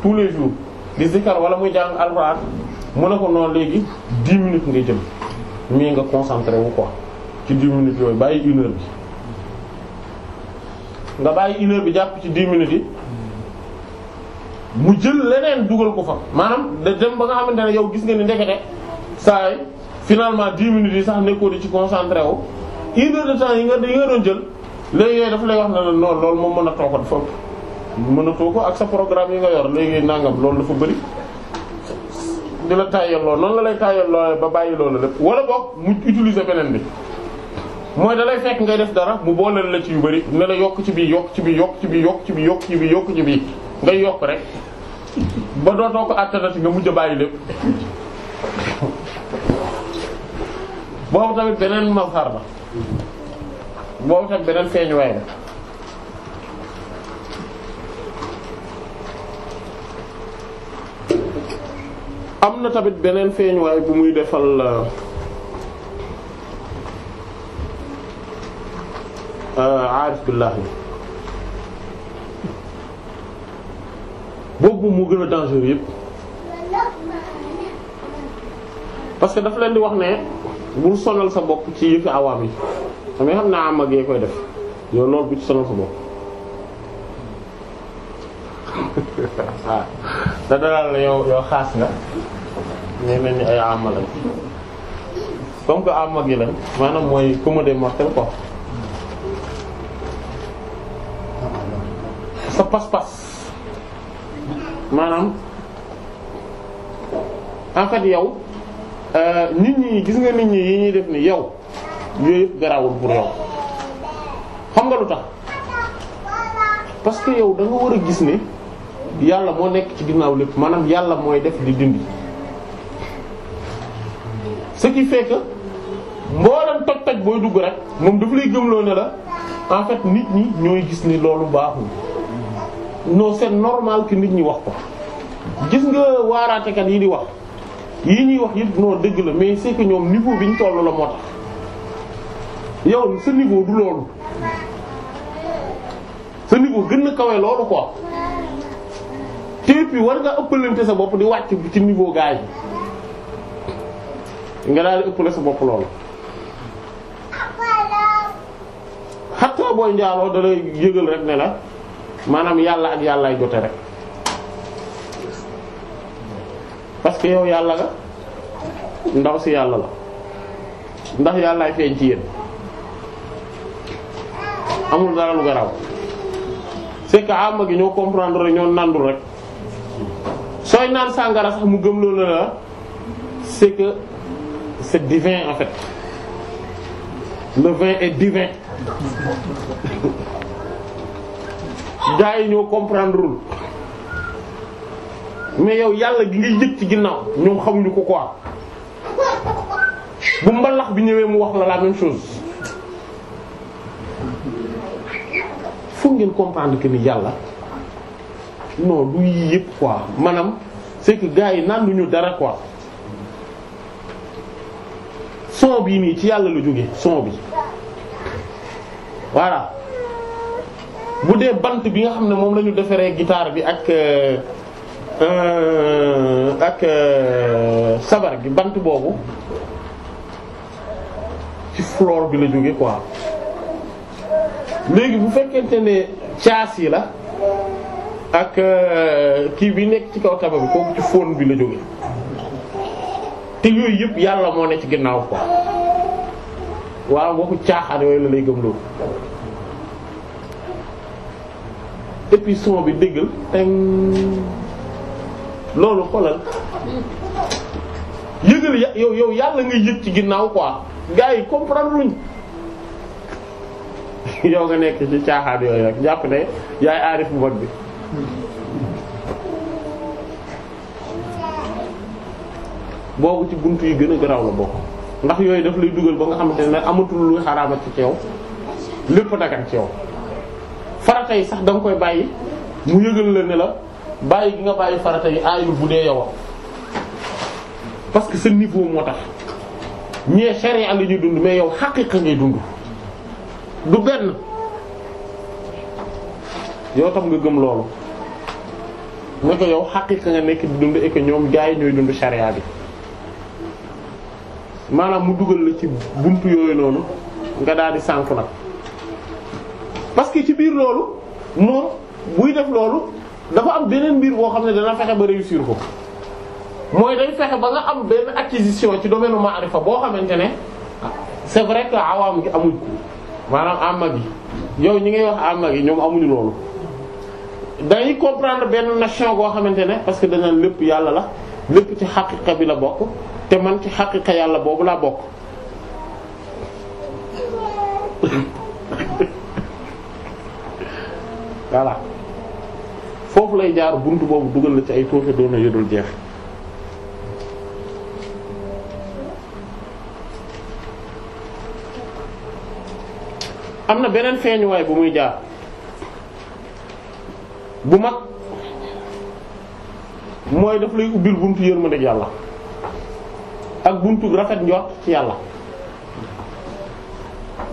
tous les jours di zikar wala muy jàng alxuraan mu ne ko noonu léegi dix minutes ngay jëm mii nga concentré wu ko ci dix minutes yooyu bàyyi une heure bi nga bàyyi une bi jàpp ci dix minutes yi mu jël leneen dugal ko fa maanaam da dem ba nga xamante ne yow gis nga ni ndekete saa yi finalement dix minutes yi sax nekkoo di ci concentré wu une yi nga yi nga doon jël léegi yooyu daf lay wax na la loolu moom mën a too ko dafa mën a too ko ak sa programme yi nga yor léegi nangam loolu dafa bëri di la taayaloo noonu la lay taayaloo ba bàyyi loolu lépp wala boog mu utiliser beneen bi mooy da lay fekk ngay def dara mu booleel la ci yu bari ne yokk ci bii yokk ci bii yokk ci bii yokk ci bii yokk ci bii ci bii ngay yokk rek ba dootoo ko attanati nga mujj bàyyi lépp boobu tamit beneen mazhar la boobu tamit beneen feeñuwaay am na tamit beneen feeñuwaay bu muy defal euh, aarif billahi boobu moo gën a dangereux yëpp parce que dafa leen di wax ne bul sonal sa bopp ci yëfi awaam yi xam nga xam naa am ak yee koy def yow loolu bu ci sonal sa bopp waaw ah. da dalal la yow yow xaas nga ñe mel ni ay ama lañ comme que am ak yi lañ maanaam mooy commode mortel quoi sa pas-pas maanaam en fait yow euh, nit ñi gis nga nit ñi yi ñuy def ni yow yooyu yëpp garaawul pour yow xam nga lu tax parce que yow danga nga war a gis ne yàlla moo nekk ci ginnaaw lépp maanaam yàlla mooy def di dindi ce qui fait que mboolem toj-toj booy dugg rek moom daf lay gëmloo ne la en fait nit ñi ñooy gis ni loolu baaxul. non c'est normal que nit ñi wax ko gis nga waaraatekat yi di wax yi ñuy wax yëpp non dëgg la mais c'est que ñoom niveau bi ñu toll la moo tax yow sa niveau du loolu sa niveau gën na kawe loolu quoi te puis war nga ëppalante sa bopp di wàcc ci niveau gars yi nga daal di ëppale sa bopp loolu. xataa booy njaaloo da lay yëgal rek ne la. maanaam yàlla ak yàllaay jote rek parce que yow yàlla la ndaw si yàlla la ndax yàllaay feeñ ci yéen amul dara lu garaw c'est que ama gi ñoo comprendre rek ñoo nandul rek sooy naan sàngara sax mu gëm loolu la c'est que c'est divin en fait le et est divin gaa yi ñoo comprendre lul mais yow yàlla gi yëg ci ginnaaw ñoom xamuñu ko quoi bu mbalax bi ñëwee mu wax la la même chose fu ngeen comprendre que ni yàlla non du yii yëpp quoi maanaam c'est que yi naan duñu dara quoi son bii nii ci yàlla la jóge son bi voilà bu dee bant bi nga xam ne moom lañu defaree guitare bi ak euh, ak euh, sabar gi bant boobu ci flore bi la jóge quoi léegi bu fekkente ne caas yi la ak euh, kii bi nekk ci kaw taba bi kooku ci fóon bi la jóge te yooyu yëpp yàlla moo ne ci ginnaaw ko waaw waxu caaxaan yooyu la lay gëm loolu et puis son bi déggal teng loolu xoolal yëgal ya yow yow yàlla ngay yëg ci ginnaaw ko gars yi comprendre luñ yow nga nekk ci caaxaan yooyu rek jàpp ne yaay aarif bu bi boobu ci buntu yi gën a garaaw la bokk ndax yooyu daf lay dugal ba nga xamante ne amatul luy xaraamat ci yow lépp dagan ci yow farata yi sax da koy bàyyi mu yëgal la ne la bàyyi gi nga bàyyi farata yi aayul bu dee yow parce que sa niveau moo tax ñee sharia la dund mais yow xaqiqa ngay dund du benn yow tam nga gëm loolu ne ko yow xaqiqa nga nekk di dund et que ñoom gaa ñooy dund sharia bi maanaam mu dugal la ci buntu yooyu noonu nga daal di sànku nag parce que ci biir loolu moom buy def loolu dafa am beneen mbir boo xam ne dana fexe ba réussir ko mooy day fexe ba nga am benn acquisition ci domaine fa boo xamante ne ah, c'est vrai que awaam gi amuñ ko maanaam amma gi yow ñi ngay wax amma gi ñoom amuñu loolu dañuy comprendre benn nation goo xamante ne parce que danaan lépp yàlla la lépp ci xaqiqa bi la bokk te man ci xaqiqa yàlla boobu laa bokk voilà foofu lay jaar bunt boobu dugal la ci ay toofe doona yodul jeex am na beneen feeñuwaay bu muy jaar bu mag mooy daf lay ubbil buntu yërmande yàlla ak buntu rafet njort ci yàlla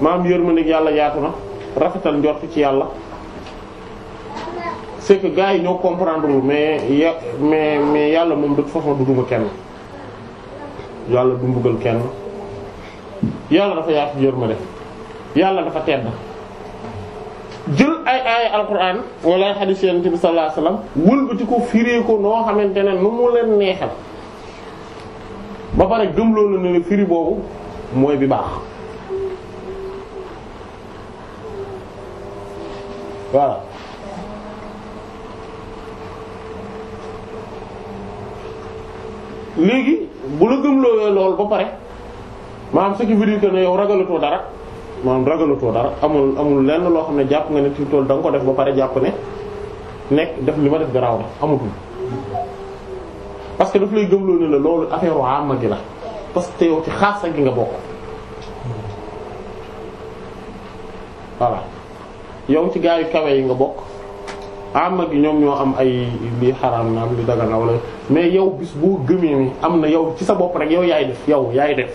maam yërmande yàlla yaatu na rafetal njort ci yàlla c'est que yi ñoo comprendre mais ya mais mais yàlla moom de toute façon du duma kenn yàlla du kenn yàlla dafa yaatu yërmande yàlla dafa tedd jël ay ay alquran wala hadith yonent bi sallallahu alayhi wëlbati ko firee ko noo xamante ne nu mu leen neexal ba pare gëmloo la ne firi boobu mooy bi baax voilà. léegi bu la gëmloo loolu ba pare maanaam ce qui veut dire que ne yow ragalatoo dara maanaam ragalatoo dara amul amul lenn loo xam ne jàpp nga ne ci tool da ko def ba pare jàpp ne nekk def li ma def garaaw na amatul parce que daf lay gëmloo ne la loolu affaire waa ma gi la parce que yow ci xaasa gi nga bokk voilà yow ci gaa yi kawe yi nga bokk ama gi ñoom ñoo am ay lii xaraam na am li daga na wala mais yow bis boo gëmee ni am na yow ci sa bopp rek yow yaay def yow yaay def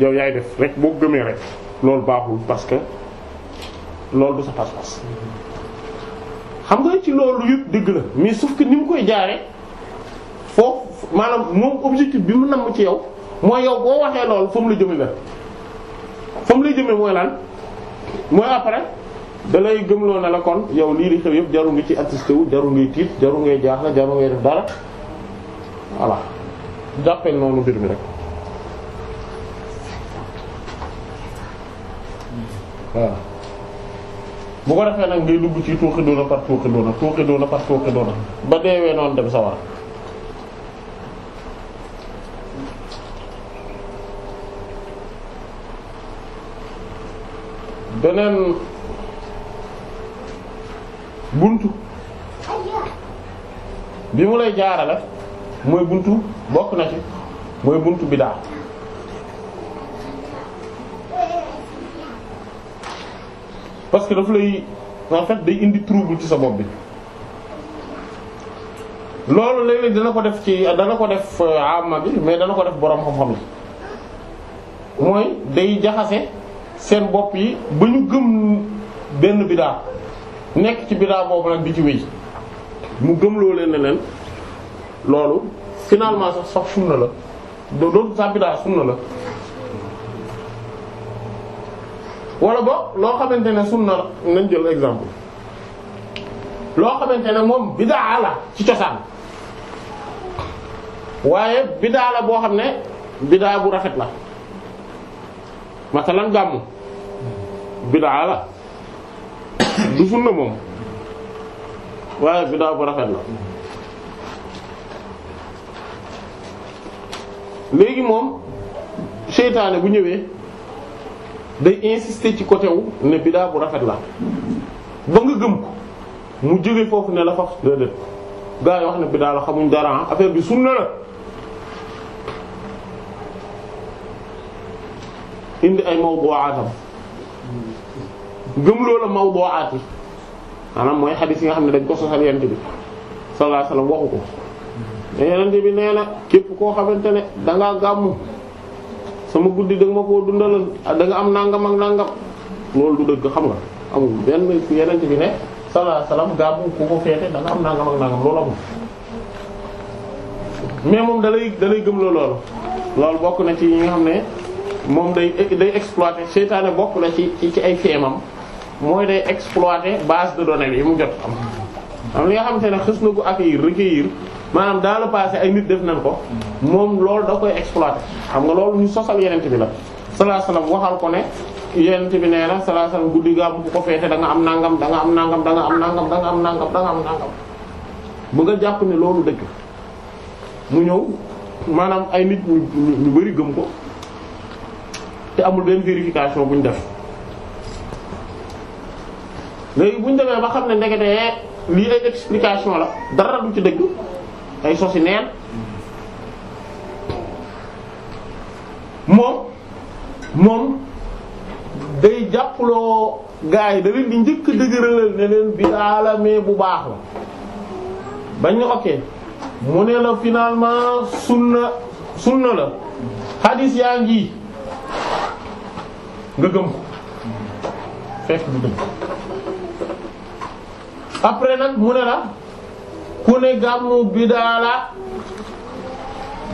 yow yaay def rek boo gëmee rek loolu baaxul parce que loolu du sa pas-pas xam nga ci loolu yëpp dëgg la mais suuf que ni mu koy jaare foofu maanaam moom objectif bi mu namm ci yow mooy yow boo waxee loolu fa mu la jëme la fa mu lay jëme mooy lan mooy après da lay gëmloo ne la kon yow lii di xew yëpp jaru ngi ci attesté wu jaru ngay tiit jaru ngay jaaxle jaru ngay def dara voilà jàppeel noonu mbir mi rek waaw bu ko defee nag ngay dugg ci tuuxi doona par tuuxi doona tuuxi doona ba deewee noonu dem sa war beneen bi mu lay jaarale mooy buntu bokk na ci mooy buntu bidaa parce que daf lay en fait day indi trouble ci sa bopp bi loolu léeg-léeg dana ko def ci dana ko def amma euh, bi mais dana ko def boroom xam-xam yi mooy day jaxase seen bopp yi ba ñu gëm benn bidaa nekk ci bidaa boobu nag bi ci wéy mu gëm loo leen ne loolu finalement sax sax sunna la doon sax biddaa sunna la wala boog loo xamante ne sunna la nañ jël exemple loo xamante ne moom biddaa la ci cosaan waaye biddaa la boo xam ne biddaa bu rafet la masalan gàmmu biddaa la du sunna moom waaye biddaa bu rafet la léegi moom seytaane bu ñëwee day insister ci côté wu ne bidaa bu rafet la ba nga gëm ko mu jóge foofu ne la fa déedéet gaa yi wax ne bidaa la xamuñ dara affaire bi sunna la indi ay mawdu'aatam gëm loola mawdu'aat yi maanaam mooy xadiis yi nga xam ne dañ ko sosal yent bi sallallahu alayhi waxu ko yenente bi nee na képp koo xamante ne dangaa gàmmu sama guddi da nga ma koo dundalal da nga am nangam ak nangam loolu du dëgg xam nga amul benn yenente bi ne salaa salaam gàmmu ku ko feete da am nangam ak nangam loolu amul mais moom dalay dalay gëm la loolu loolu bokk na ci yi nga xam ne moom day day exploiter seytaane bokk na ci ci ay feemam mooy day exploiter base de données yi mu jot am am li nga xamante ne xës na ko accueillir recueillir maanaam daal le passé ay nit def nañ ko moom lool da koy exploit xam nga loolu ñu sosal yenent bi la sallallahu alayhi wasallam waxal ko ne yenent bi nee na sallallahu alayhi guddi gàmm bu ko feete da nga am nangam danga am nangam danga am nangam danga am nangam da nga am nangam bu nga jàpp ne loolu dëgg mu ñëw maanaam ay nit ñu bari gëm ko te amul benn vérification bu ñu def léegi bu ñu demee ba xam ne ndekete lii ay explication la dara du ci dëgg ay sosi neen moom moom day jàppaloo gars yi da njëkk dëgëralal ne bi daala bu baax la bañ ne ok mu ne la finalement sunna sunna la xadis yaa ngi nga gëm après nag mu ne la ku ne gàmmu bidaa la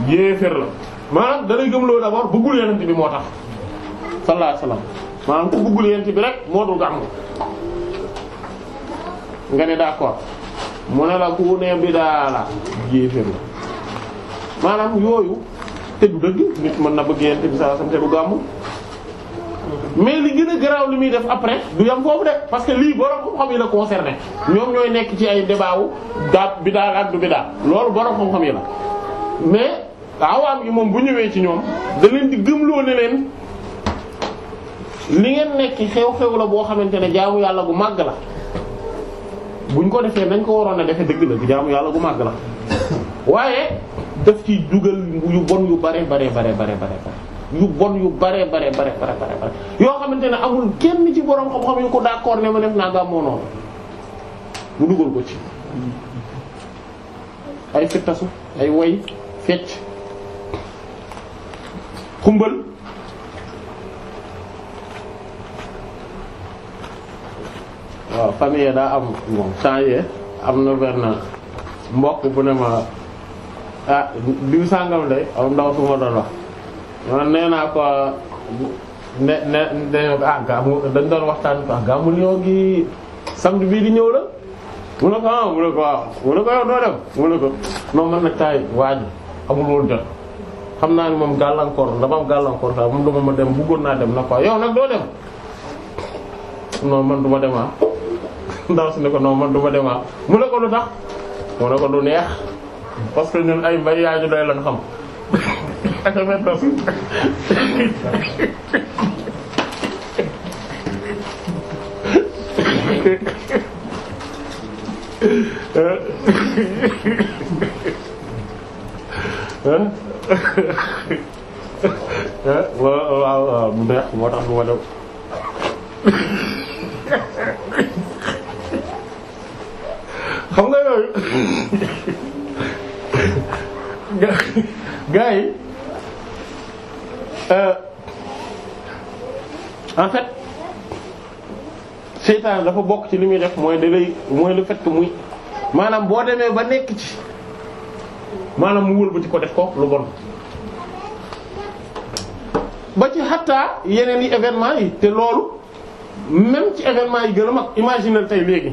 yéefér la maanaam danay gëmloo d'abord bëggul yenent bi moo tax sallallahu alayhi wasallam maanaam ku bëggul yenent bi rek moo dul gàmmu nga ne d'accord mu ne la ku ne bidaa la yéefér la maanaam yooyu te du dëgg nit mën na bëgg yenent bi sallallahu alayhi wasallam du gàmmu mais li gën a garaaw li muy def après du yam foofu de parce que lii borom xam-xam yi la concerné ñoom ñooy nekk ci ay débat wu daa bidaa ak du bidaa loolu borom xam-xam yi la mais awaam yi moom bu ñëwee ci ñoom da leen di gëmloo ne leen li ngeen nekk xew-xew la boo xamante ne jaamu yàlla gu màgg la buñ ko defee dañ ko waroon a defee dëgg la jaamu yàlla gu màgg la waaye daf ci dugal yu bon yu bare bare bare bare bare bare yu bon yu bare bare bare bare bare yoo xamante ne amul kenn ci borom xam-xam yu ko d'accord ne ma def naa gàmmoo noonu mu dugal ko ci ay fittasu ay woy fecc xumbal waaw famille daa am moom changé am na benn mbokk bu ne ma ah diw sàngam am ndaw su doon wax man nee naa ko ne ne nee ah, dañ doon waxtaan ko ah gàmmu Lyon gi samedi bii di ñëw la mu ne ko ah mu ne ko ah, yow doo dem mu ne ko non man nag taay xam naa ne moom gàllankoor dama am gàllankoor ta dem bëggoon naa dem na ko ma dem ah ndaw si ne ko non man du ma ah. mu ne ko lu tax mu ne ko du neex parce que ay mbay yaa ñu lan xam quatre-vingt-neuf waaw waaw mu neex moo tax mu maanaam dafa bokk ci li muy def mooy da lay mooy lu fait que muy maanaam boo demee ba nekk ci maanaam mu wëlbati ko def ko lu bon. ba ci xattaa yeneen yi événement yi te loolu même ci événement yi gën a mag imaginer tey léegi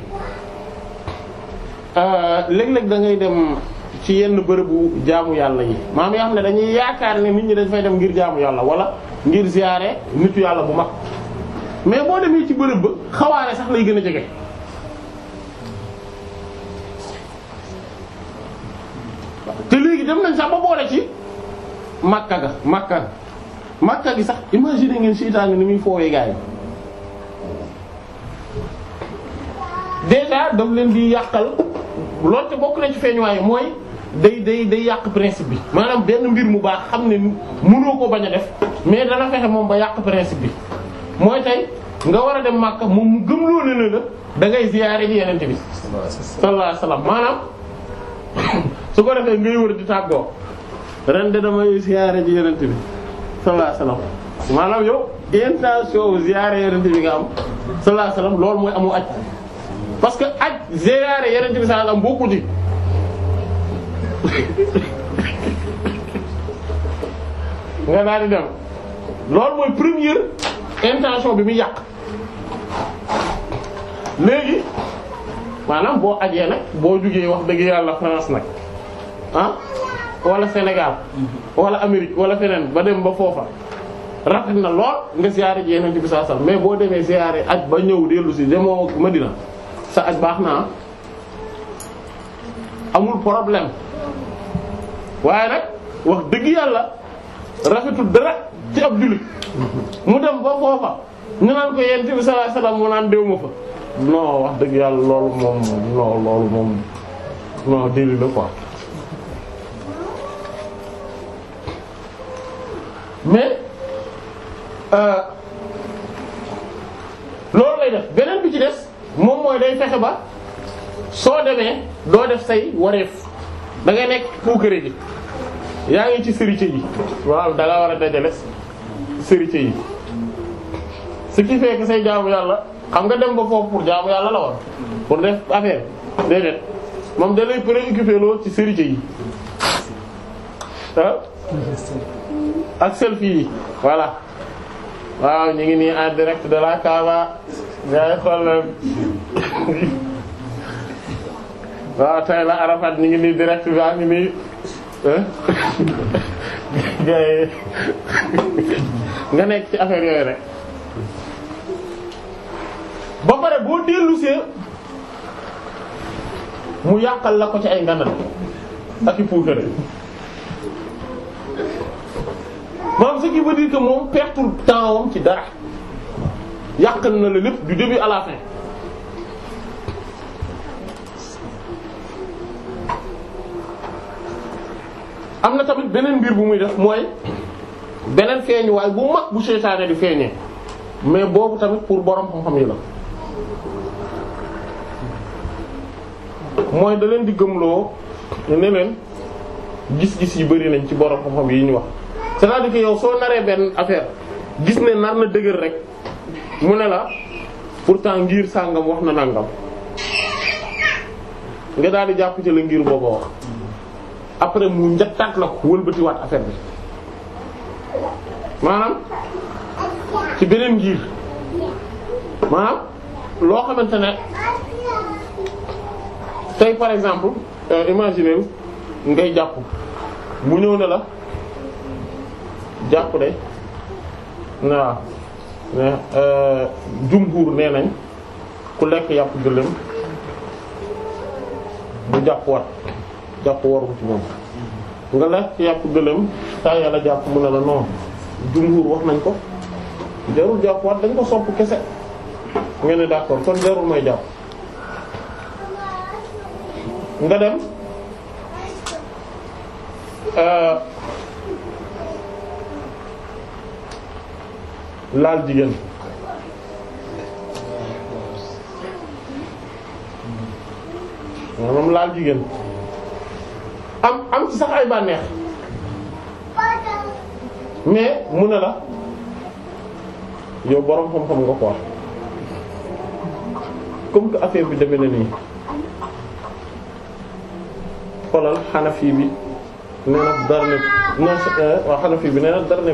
euh, léeg-léeg da dem ci yenn bërëbu jaamu yàlla yi maam yoo xam ne dañuy yaakaar ne nit ñi dañ fay dem ngir jaamu yàlla wala ngir ziyaare nitu yàlla bu mag. mais boo demee ci bërëb ba xawaare sax lay gën a jege. te léegi dem nañ sax ba boole ci makka ga makka gi sax imagine ngeen seytaane ni muy foowee gaay déjà daf leen di yàqal lool te bokk na ci feeñ feeñuwaay mooy day day day yàq principe bi maanaam benn mbir mu baax xam ne mënoo ko bañ a def mais dana fexe moom ba yàq principe bi mooy tey nga war a dem Makka moom mu gëmloo ne la la da ziyaare ji yenente bi maanaam su ko defee ngay wër di tàggoo ren de damay ziyaare ji yenente bi maanaam yow intention ziyaare yenente bi nga am sallallahu alayhi wasallam mooy amu aj parce que aj ziyaare yenente bi sallallahu alayhi wasallam bokku nga daal di dem loolu mooy première intention bi muy yàq léegi maanaam boo ajee nag boo jugee wax dëgg yàlla France nag ah wala Sénégal wala Amérique wala feneen ba dem ba foofa rafet na lool nga siyaare ji yeneen ci sax mais boo demee siyaare aj ba ñëw dellu si ma Madina sa aj baax na amul problème waaye nag wax dëgg yàlla rafetul dara ci ab jullit mu dem ba foofa ñu naan ko yent bi sallallahu alayhi wasallam mu naan déw ma fa non wax dëgg yàlla loolu moom non loolu moom non déli la quoi mais euh, loolu lay def beneen bi ci des moom mooy day fexe ba soo demee doo def say wareef dangay nekk puukare ji yaa ngi ci sërite yi waaw da nga war a dajale sërite yi ce qui fait say jaamu yàlla xam nga dem ba foofu pour jaamu yàlla la war pour def affaire déedéet moom da lay préoccupé ci sërite yi ah ak selfie yi voilà waaw ñu ngi nii en direct de la Kaaba ngay direct bi ak nii nga nekk ci affaire yooyu rek ba pare boo dellusee mu yàqal la ko ci ay ngandal ak i puukare maanaam ce qui veut dire que moom perte temps wam ci dara yàqal na la lépp du début à am na tamit beneen mbir bu muy def mooy beneen feeñuwaay bu mag bu seytaane di feeñee mais boobu tamit pour borom xam-xam yi la mooy da leen di gëmloo ne gis-gis yi bari nañ ci borom xam-xam yi ñu wax sa à dire que yow soo naree benn affaire gis ne nar na dëgër rek mu ne la pourtant ngir sàngam wax na nangam nga daal di jàpp ci la ngir booba wax. après mu njattaat la ko wëlbatiwaat affaire bi maanaam ci beneen ngir maanaam loo xamante ne tey par exemple euh, imaginer ngay jàpp mu ñëw ne la jàpp de waaw euh, jumhur nee nañ ku lekk yàpp gëléem du jàpp wat jàpp waru ci moom nga lekk yàpp gëléem taa la jàpp mu ne la non jumhur wax nañ ko jarul jàpp waat dañ ko sopp kese nga ne d'accord kon jarul may jàpp nga dem euh, laal jigéen maanaam laal jigéen am am ci sax ay bànneex mais mu ne la yow boroom xam-xam nga quoi comme que affaire bi deme na nii xoolal Hanafi bi nee dara nekk non euh, bi nee na dara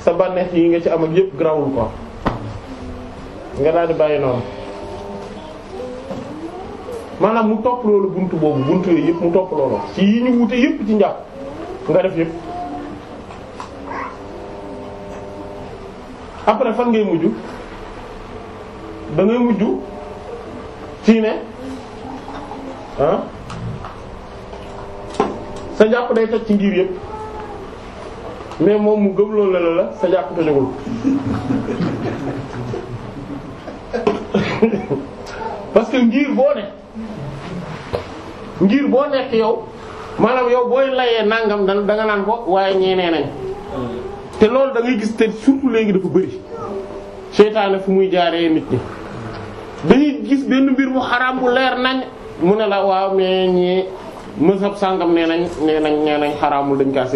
sa bànneex yi nga ci am ak yëpp grawul quoi nga daal di bàyyi noonu. maanaam mu topp loolu buntu boobu buntu yooyu yëpp mu topp loolu ci yi ñu wute yëpp ci njàpp nga def yëpp après fan ngay mujj da ngay mujj ci ah, sa njàpp day toj ci ngir yëpp mais moom mu gëm loolu la la sa njàpp tojagul parce que ngir boo ne ngir boo nekk yow maanaam yow booy layee nangam da nga naan ko waaye ñeenee nañ te loolu da ngay gis te surtout léegi dafa bëri seytaane fu muy jaaree nit ñi dañuy gis benn mbir mu xaraam bu leer nañ mu ne la waaw mais ñi mësab sàngam nee nañ nañ nee nañ xaraamul dañ kaa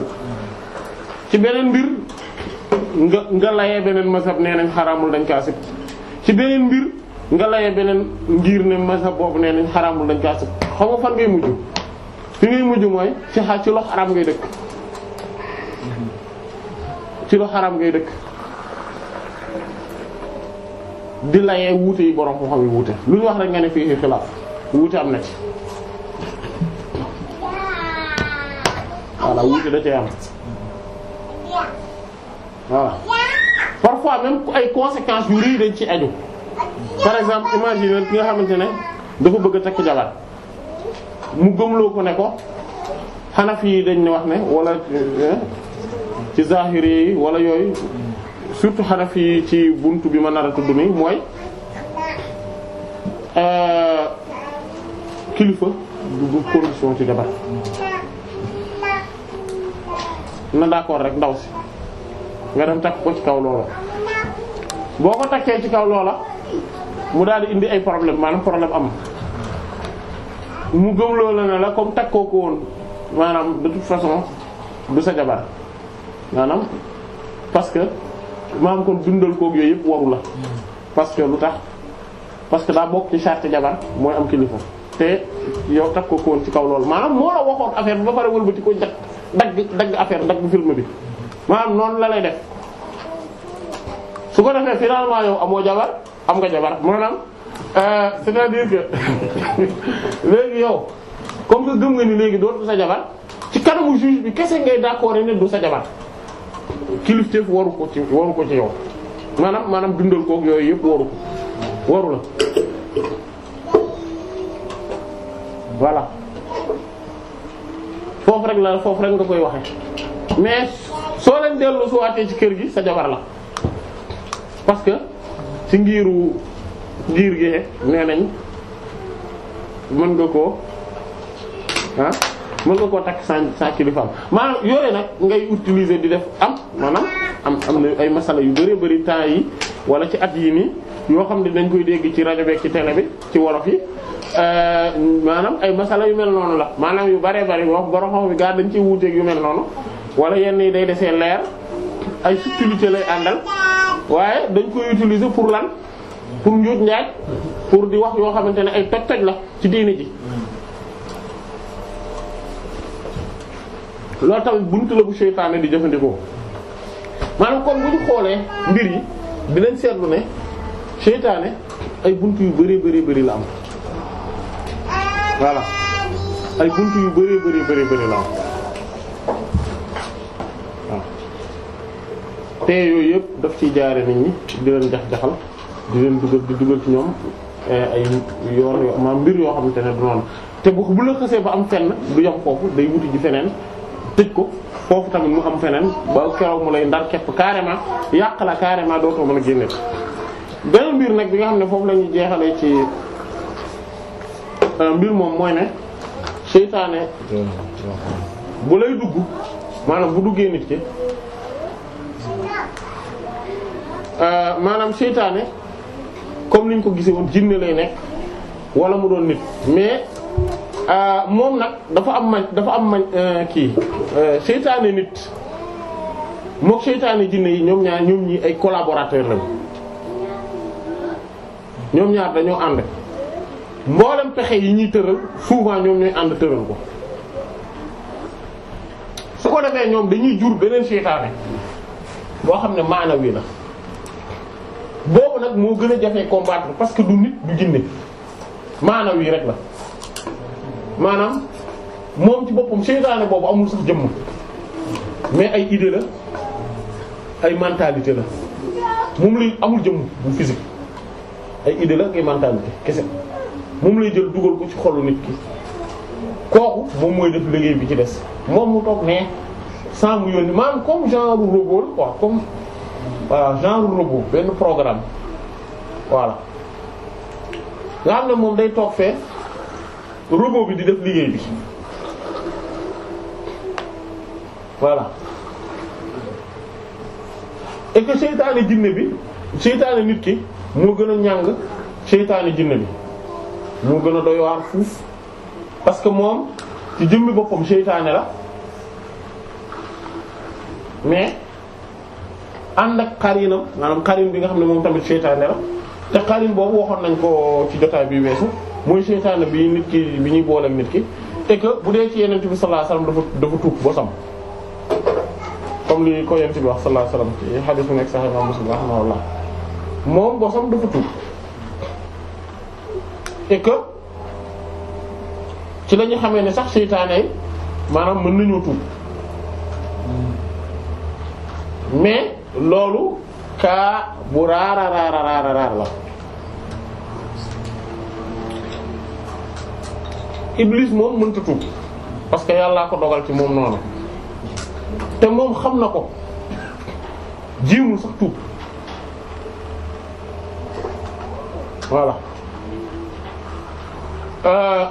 ci beneen mbir nga nga layee beneen mësab nee nañ xaraamul dañ kaa ci beneen mbir nga laye beneen ngir ne mazhab boobu nee nañ xaraamul dañ kaa sib nga fan ngay mujj fi ngay mujj mooy ci xa ci lo xaraam ngay dëkk ci lo xaraam ngay dëkk di layee wuute yi borom xam-xam yi wuute lu ñu wax rek nga ne fii xilaaf wuute am na ci voilà wuute da cee am voilà parfois même ay conséquences yu rëy dañ ci aju par exemple imaginer ki nga xamante ne dafa bëgg a takk jabar mu gëmloo ko ne ko xanaf yi dañ ne wax ne wala eh, ci zahiri yi wala yooyu surtout xanaf yi ci bunt bi ma nar a tudd nii mooy eh, kilifa du condition ci jabar na d'accord rek ndaw si nga dem takk ko ci kaw loola boo ko takkee ci kaw loola mu daal di indi ay problème maanaam problème am mu gëmloo la ne la comme takkoo ko woon maanaam de toute façon du sa jabar maanaam parce que maanaam kon dundal koog yooyu yëpp waru la parce que lu tax parce que daa bokk ci charte jabar mooy am kilifa te yow takkoo ko woon ci kaw loolu maanaam moo la waxoon affaire bi ba pare wëlbati ko dagg dagg affaire dagg film bi maanaam noonu la lay def su ko defee finalement yow amoo jabar am nga jabar maanaam euh, c'est-à-dire léegi yow comme que gëm nga ni léegi dootu sa jabar ci kanamu juge bi kese ngay d'accord ne du sa jabar kilifteef waru ko ci waru ko ci yow maanaam maanaam dundal koog yooyu yëpp waru ko waru la voilà foofu rek la foofu rek nga koy waxe mais soo leen dellu su waatee ci kër gi sa jabar la parce que ci ngiiru giir gee nee nañ mën nga koo ah mën nga koo takk saa saa kilifaam maanaam yooyu nag ngay utiliser di def am maanaam am am na ay masala yu bëree bëri taa yi wala ci at yi nii yoo xam ne dañ koy dégg ci rajo beeg ci télé bi ci wolof yi euh, maanaam ay masala yu mel noonu la maanaam yu bare bari wax borom xam bi gaa dañ ciy wuuteeg yu mel noonu wala yenn day desee leer ay subtilité lay àndal waaye dañ koy utiliser pour lan pour njuuj njaaj pour di wax yoo xamante ne ay toj-toj la ci diine ji loolu tamit bunt la bu seytaane di jëfandikoo maanaam kon bu ñu xoolee mbir yi dinañ seetlu ne seytaane ay bunt yu bëree bëri bëri la am voilà ay bunt yu bëree bëri bëri bëri la am te yooyu yëpp daf ciy jaare nit ñi di leen jax-jaxal di leen dugal di dugal ci ñoom eh, ay yoon yoo mbir yoo xamante ne du noonu te bu bu la xasee ba am fenn du yam foofu day wuti ji feneen tëj ko foofu tamit mu am feneen ba keroog mu lay ndar kepp carrément yàq la carrément dootoo mën a génne beneen mbir nag bi nga xam ne foofu la ñuy ci euh, mbir moom mooy ne seytaane bu lay dugg maanaam bu duggee nit ki Euh, maanaam seytaane comme niñ ko gisee woon jinne lay nekk wala mu doon nit mais euh, moom nag dafa am mañ dafa am mañ euh, kii seytaane nit mook seytaane jinne yi ñoom ñaar ñoom ñi ay collaborateur lañ ñoom ñaar dañoo ànd mboolem pexe yi ñuy tëral souvent ñoom ñooy ànd tëral ko su ko defee ñoom dañuy jur beneen seytaane boo xam ne maanawi la boobu nag moo gën a jafe combattre parce que du nit du jinne maanaam yi rek la maanaam moom ci boppam seytaane boobu amul sax jëmm mais ay idée la ay mentalité la moom lay amul jëmm bu physique ay idée la ak ay mentalité kese moom lay jël dugal ko ci xolu nit ki kooku moom mooy def liggéey bi ci des moom mu toog ne sans mu yónni maanaam comme genre robot quoi comme. voilà genre robot benn programme voilà nga xam ne moom day toog fee robot bi di def liggéey bi voilà et que seytaane jinne bi seytaane nit ki moo gën a ñàng seytaane jinne bi moo gën a doy fuuf parce que moom ci jëmmi boppam seytaane la mais ànd ak xarinam maanaam xarin bi nga xam ne moom tamit seytaane la te xarin boobu waxoon nañ koo ci jotaay bi weesu muy seytaane bi nit ki bi ñuy boolem nit ki et bu dee ci yenent bi sallallahu alayhi wasallam dafa dafa tuub bosam comme li ko yenent bi wax sallallahu alayhi wasallam ci hadith bu nekk sahih Muslim rahimahullah moom bosam dafa tuub et ci lañu ñu xamee ne sax seytaane maanaam mën nañoo tuub mais loolu kaa bu raara raara raara la iblis moom mënta tuub parce que yàllaa ko dogal ci moom noonu te moom xam na ko jiimul sax tuub voilà euh,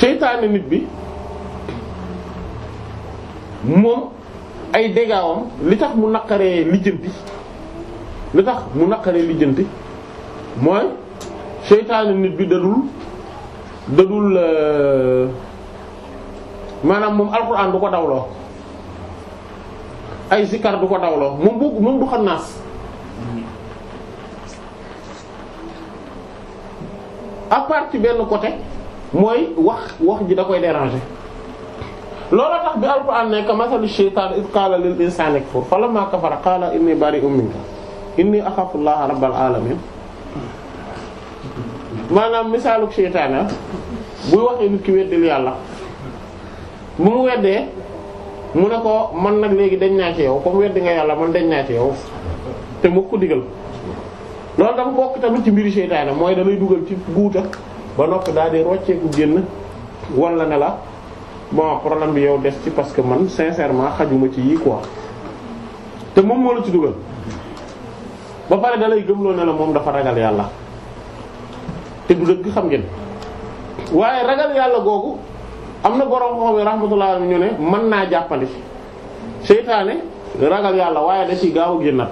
seytaane nit bi moom ay dégaawam li tax mu naqaree lijjanti li tax mu naqaree lijjanti mooy seytaane nit bi dadul dadul euh, maanaam moom alxuraan du ko dawloo ay zikar du ko dawloo moom bu moom du xannaas à part ci benn côté mooy wax wax ji da koy déranger loolu tax bi alquran nekk masalu shaytaan iz qaala lil insaani kfur falammaa kafara qaala inni bari'un minka inni axaafu llaaha rabbal aalamiin maanaam misaaluk shaytaan ah, buy waxee nit ki weddil yàlla bu mu weddee mu ne ko man nag léegi dañ naa ci yow comme weddi nga yàlla man dañ naa ci yow te mu ko digal loolu dafa bokk tamit ci mbiri sheytaane mooy da lay dugal ci guuta ba noppi daal di rocceeku génn walla ne la bon problème bi yow des ci parce que man sincèrement xajuma ci yii quoi te moom moo ci dugal ba pare da lay gëmloo ne moom dafa ragal yàlla te du dëgg xam ngeen waaye ragal yàlla googu am na borom xoomi rahmatullah ñu ne mën naa jàppandi seytaane ragal yàlla waaye da ci gaaw a génnaat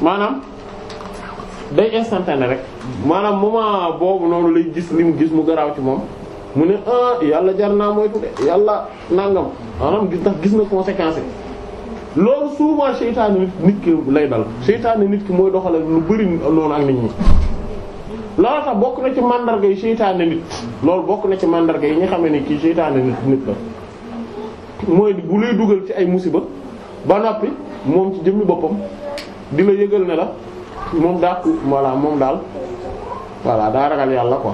maanaam day instantané rek maanaam moment boobu noonu lay gis li mu gis mu garaaw ci moom mu ne ah yàlla jar naa moytu de yàlla nangam maanaam gis na conséquence yi loolu souvent seytaane nit ki lay dal seytaane nit ki mooy doxale lu bari noonu ak nit ñi. loolu sax bokk na ci mandarga yi seytaane nit loolu bokk na ci mandarga yi nga xam ne kii seytaane nit nit la mooy bu lay dugal ci ay musiba ba noppi moom ci jëmmi boppam di la yëgal ne la moom daa voilà moom daal voilà daa ragal yàlla ko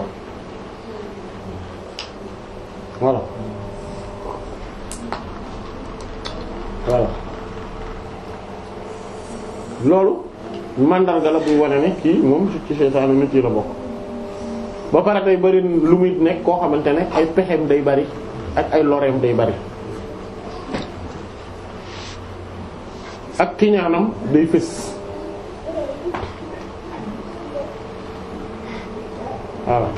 voilà voilà loolu mandarga la buy wane ne kii moom ci seytaane nit yi la bokk ba pare day bari lu muy nekk koo xamante ne ay pexeem day bari ak ay loreem day bari ak kiñaanam day fës voilà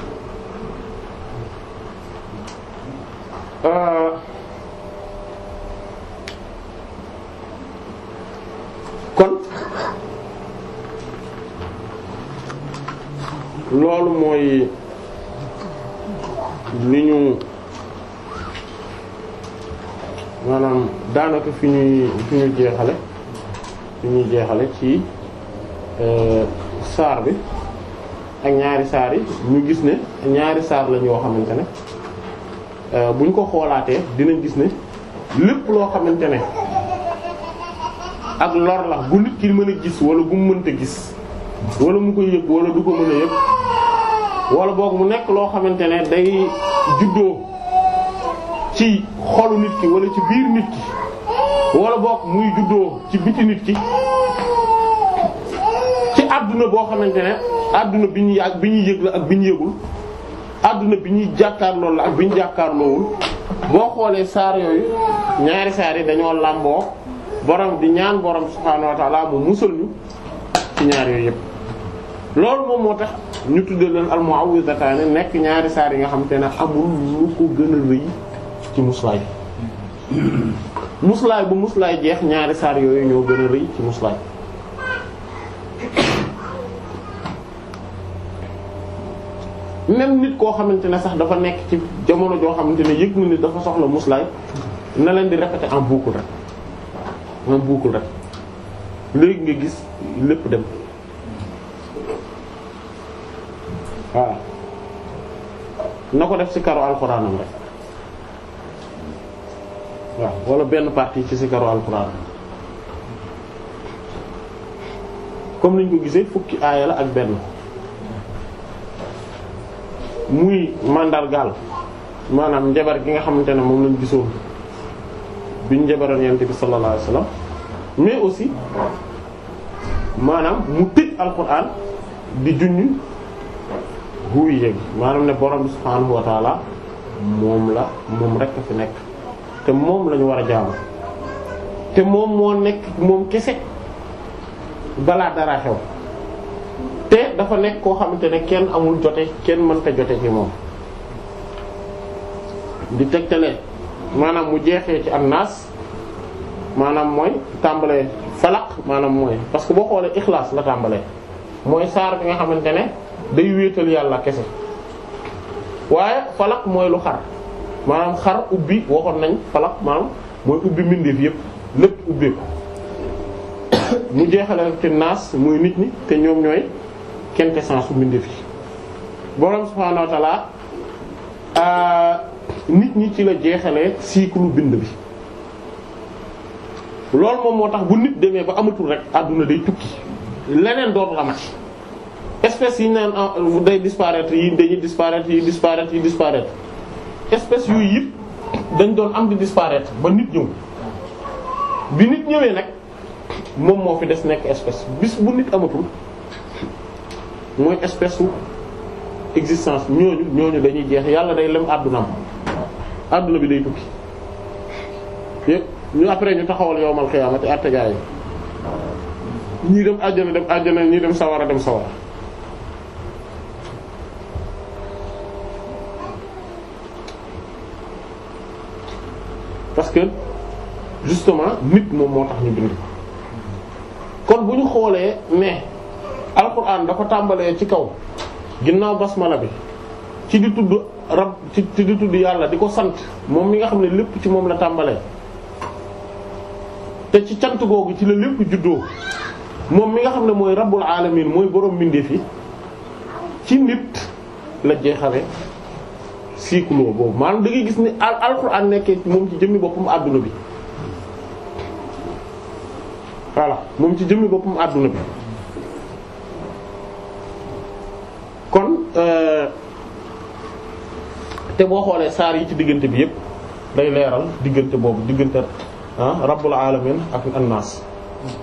fi ñuy fi ñuy jeexale fi ñuy jeexale ci euh, saar bi ak ñaari saar yi ñu gis ne ñaari saar lañ yoo xamante ne euh, buñ ko xoolaatee dinañ gis ne lépp loo xamante ne ak lor la bu nit ki mën a gis wala bu mu mënta gis wala mu koy yëg wala du ko mën a yëg wala boog mu nekk loo xamante ne day juddoo ci xolu nit ki wala ci biir nit ki wala boog muy juddoo ci biti nit ki ci àdduna boo xamante ne àdduna bi ñu yàgg bi ñu yëg la ak bi ñu yëgul àdduna bi ñuy jàkkaarloo la ak bi ñu jàkkaarloowul boo xoolee saar yooyu ñaari saar yi dañoo làmboo borom di ñaan borom subhaanahu wa ta'ala mu musal yëpp. loolu moom ñu tuddee leen al-mu'awwidhataani nekk ñaari saar yi nga xamante ne amul lu ko gën a rëy ci muslaay muslaay bu muslaay jeex ñaari saar yooyu ñoo gën a rëy ci muslaay même nit koo xamante ne sax dafa nekk ci jamono joo xamante ne yëg na nit dafa soxla muslaay na leen di rafete am boucle rek en boucle rek léegi nga gis lépp dem waaw na ko def ci karo alxuraanam rek waaw wala benn parti ci sikaru alquran comme niñ ko gisee fukki aaya la ak benn muy màndargaal maanaam njabar gi nga xamante ne moom lañ gisoo biñ njabaroon yonent bi sallallahu alayhi wasallam mais aussi maanaam mu tëj alquran di junñu huuy yëg maanaam ne borom bi subhaanahu wa taala moom la moom rekk fi nekk te moom la war a jaamu te moom moo nekk moom kese balaa dara xew te dafa nekk koo xamante ne kenn amul jote kenn mënta jote ci moom di tegtale maanaam mu jeexee ci annaas maanaam mooy tàmbalee falaq maanaam mooy parce que boo xoolee ixlaas la tàmbalee mooy saar bi nga xamante ne day wéetal yàlla kese waaye falaq mooy lu xar maanaam xar ubbi waxoon nañ falaq maanaam mooy ubbi mbindeef yëpp lépp ubbi ko mu jeexalal ci naas muy nit ñi te ñoom ñooy quintessence u mbindeef yi borom subhaanahu wa ta'ala nit ñi ci la jeexalee cycle mbind bi loolu moom moo tax bu nit demee ba amatul rek àdduna day tukki leneen doon la mat espèce yi naan ah, day disparaître yi dañuy disparaître yi disparaître yi disparaître espèce yooyu yëpp dañ doon am di disparaître ba nit ñëw bi nit ñëwee nag moom moo fi des nekk espèce bis bu nit amatul mooy espèce su existence ñooñu ñooñu dañuy jeex yàlla day lem àddunaam àdduna bi day tukki yëpp ñu après ñu taxawal yowmal xiyaamati àtte gaa yi ñii dem àjjana dem àjjana ñii dem sawara dem sawara parce que justement nit moom moo tax ñu bind kon bu ñu xoolee ne alquran dafa tàmbalee ci kaw ginnaaw basmala bi ci di tudd rab ci di tudd yàlla di ko sant moom mi nga xam ne lépp ci moom la tàmbalee te ci cant googu ci la lépp juddoo moom mi nga xam ne mooy rabbul alamin mooy boroom mbindeef yi ci nit la jeexale cycle boobu maanaam da gis ni ne alxuraan nekkee moom ci jëmmi boppam àdduna bi voilà moom ci jëmmi boppam àdduna bi kon euh, te boo xoolee saar yi ci diggante bi yépp day leeral diggante boobu diggante ah rabbul alamin ak annaas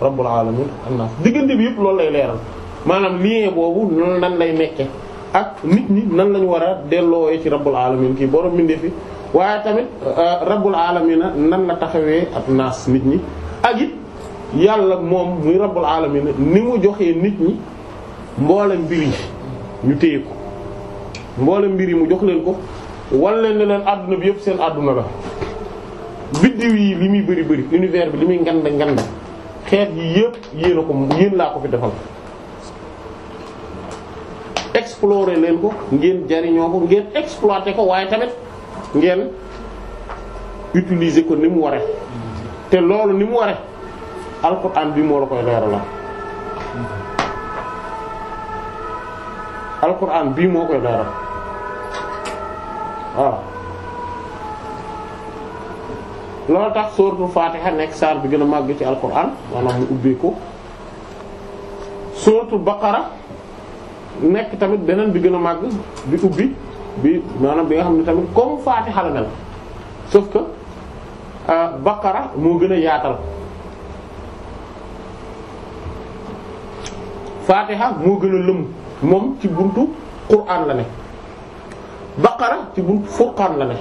rabbul alamin annaas diggante bi yépp loolu lay leeral maanaam lien boobu nan lay nekke ak nit ñi nan lañu war delloo delloowee ci rabbul alamin kii borom bindee fi waaye tamit euh, rabbul alamina nan la taxawee ak naas nit ñi ak yàlla moom muy rabbul alamina ni mu joxee nit ñi mboole mbir yi ñu téye ko mboole mbir yi mu jox leen ko wan leen ne leen àdduna bi yëpp seen àdduna la biddiw yi li muy bëri bëri univers bi li muy nganda nganda xeet yi yëpp yéen a ko yéen laa ko fi defal explorer leen ko ngeen jariñoo ko ngeen exploiter ko waaye tamit ngeen utilise ko ni mu waree te loolu ni mu waree alxuraan bi moo la koy leeral la bii moo koy leeral waaw tax sóoratu Fatiha nekk saar bi gën a màgg ci alxuraan maanaam mu ubbee ko sóoratu Baqara nekk tamit beneen bi gën a màgg bi ubbi bi maanaam bi nga xam ne tamit comme Fatiha la mel sauf que euh, Baqara moo gën a yaatal Fatiha moo gën a lëm moom ci buntu Qur'an la ne Baqara ci buntu Furqan la ne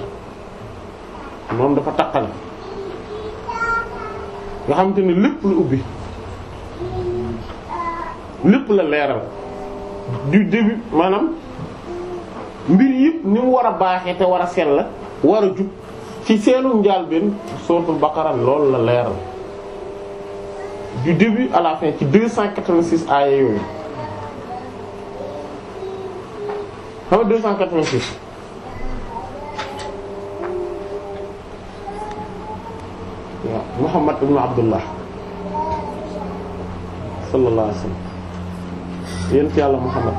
moom dafa taqal nga xam te ne lépp la ubbi lépp la leeral du début maanaam mbir yëpp ni mu war a baaxee te war a la war a jub ci seenu njàlbéen suratul baqara lool la leeral du début à la fin ci 286 aaya yooyu xam nga 286 waaw Muhammad ibn Abdullah sallallahu alayhi yent yàlla Muhammad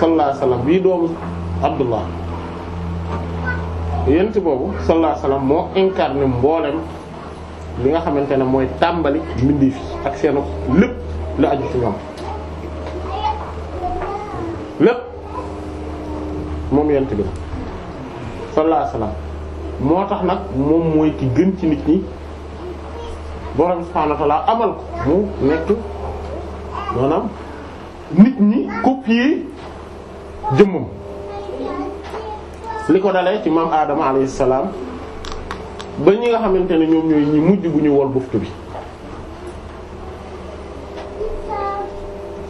sallallahu alayhi bii doomu Abdullah yent boobu sallallahu alayhi wasallam moo incarné mboolem li nga xamante ne mooy tàmbali mbindeef yi ak seenu lépp la aju ci ñoom lépp moom yent bi sallallahu alayhi wasallam moo tax nag moom mooy ci gën ci nit ñi borom subhanahu wa ta'ala amal ko mu nekk maanaam nit ñi copier jëmmam li ko dalee ci maam Adama alayhi salaam ba ñi nga xamante ne ñoom ñooy ñi mujj bu ñu wol buftu bi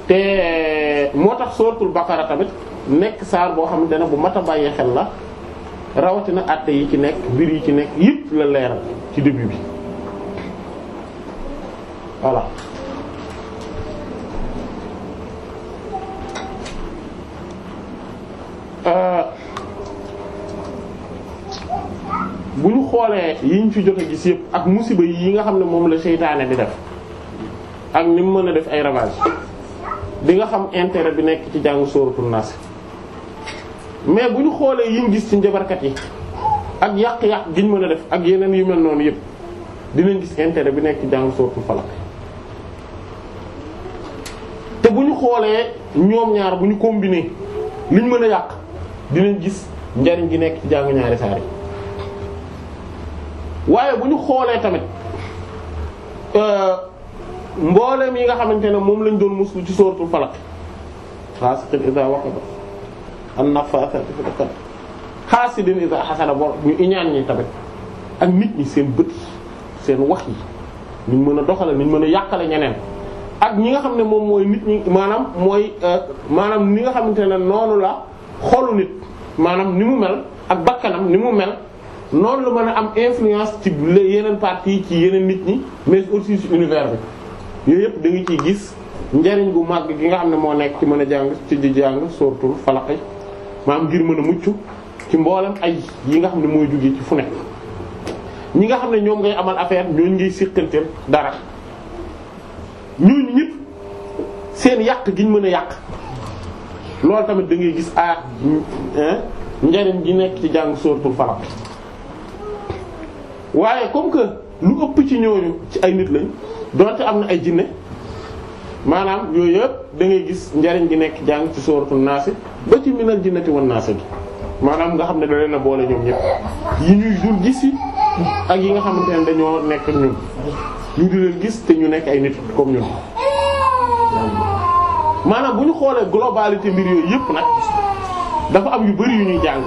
te moo tax suratul baqara tamit nekk saar boo xamante ne bu mat a bàyyi xel la rawatina àtte yi ci nekk mbir yi ci nekk yëpp la leeral ci début bi voilà Euh, bu ñu xoolee yi ñu fi jot a gis yëpp ak musiba yi nga xam ne moom la seytaane di def ak ni mu mën a def ay ravage di nga xam intérêt bi nekk ci soor sóoratul naas mais bu ñu xoolee yiñ gis ci njabarkat yi ak yàq-yàq giñ mën a def ak yeneen yu mel noonu yëpp dinañ gis intérêt bi nekk ci jàngu sóoratul falak te bu ñu xoolee ñoom ñaar bu ñu combiner liñ mën a yàq dinañ gis njariñ gi nekk ci jàng ñaari saar yi waaye bu ñu xoolee tamit euh, mbooleem yi nga xamante ne moom lañ doon muslu ci sóoratul falaq xaasitin iza waqaba an-naffaathaati fil uqad xaasidin ñu iñaan ñi tamit ak nit ñi seen bët seen wax yi ñu mën a doxale ñu mën a yàqale ñeneen ak ñi nga xam ne moom mooy nit ñi maanaam mooy euh, maanaam ni nga xamante ne noonu la xolu nit maanaam ni mu mel ak bakkanam ni mu mel noonu la mën a am influence ci yeneen parties ci yeneen nit ñi mais aussi ci univers bi yooyu da nga ciy gis njariñ bu màgg gi nga xam ne moo nekk ci mën a jàng ci di jàng surtout falaq yi maanaam ngir mën a mucc ci mboolem ay yi nga xam ne mooy jóge ci fu nekk ñi nga xam ne ñoom ngay amal affaire ñooñu ngay siqanteel dara ñu ñëpp seen yàq gi ñu mën a yàq loolu tamit da ngay gis aat njariñ gi nekk ci jàng sóoratul falaq waaye comme que lu ëpp ci ñooñu ci ay nit lañ donte am na ay jinne maanaam yooyu yëpp da ngay gis njariñ gi nekk jàng ci sóoratul naasi ba ci minal jinnati wan naasi bi maanaam nga xam ne da leen a boole ñoom ñëpp yi ñuy dul gis yi ak yi nga xamante ne dañoo nekk ñun ñu di gis te ñu nekk ay nit comme ñun maanaam bu ñu xoolee globalité mbir yooyu yëpp nag dafa am yu bari yu ñuy jàng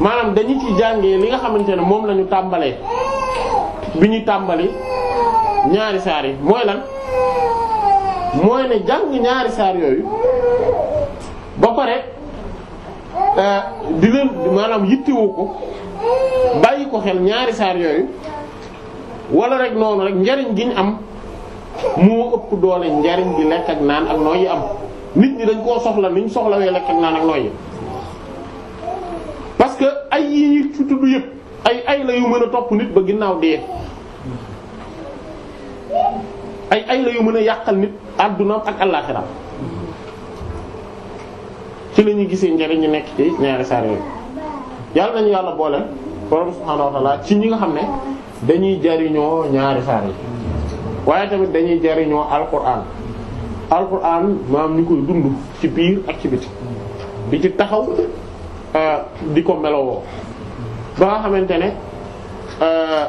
maanaam dañuy ci jàngee li nga xamante ne moom la ñu tàmbalee bi ñuy tàmbali ñaari saar yi mooy lan mooy ne jàng ñaari saar yooyu ba pare euh, di leen maanaam yittewu ko bàyyi ko xel ñaari saar yooyu wala rek noonu rek njariñ gi ñu am. moo ëpp doole njariñ di lekk ak naan ak nooy yi am nit ñi dañ koo soxla niñ soxlawee lekk ak naan ak nooy yi parce que ay yi ñu fi tudd yëpp ay ay yu mën a topp nit ba ginnaaw dee ay ay la yu mën a yàqal nit àdduna ak àllaxira ci lañuy ñuy gisee njariñ ñu nekk ci ñaari saar yooyu yàlla nañu yàlla boole borom subhaanahu wa ta'ala ci ñi nga xam ne dañuy jariñoo ñaari saar yi waaye tamit dañuy jariñoo alquran alquran maam ñu koy dund ci biir ak ci biti di ci taxaw euh, di ko melowoo ba xamante ne euh,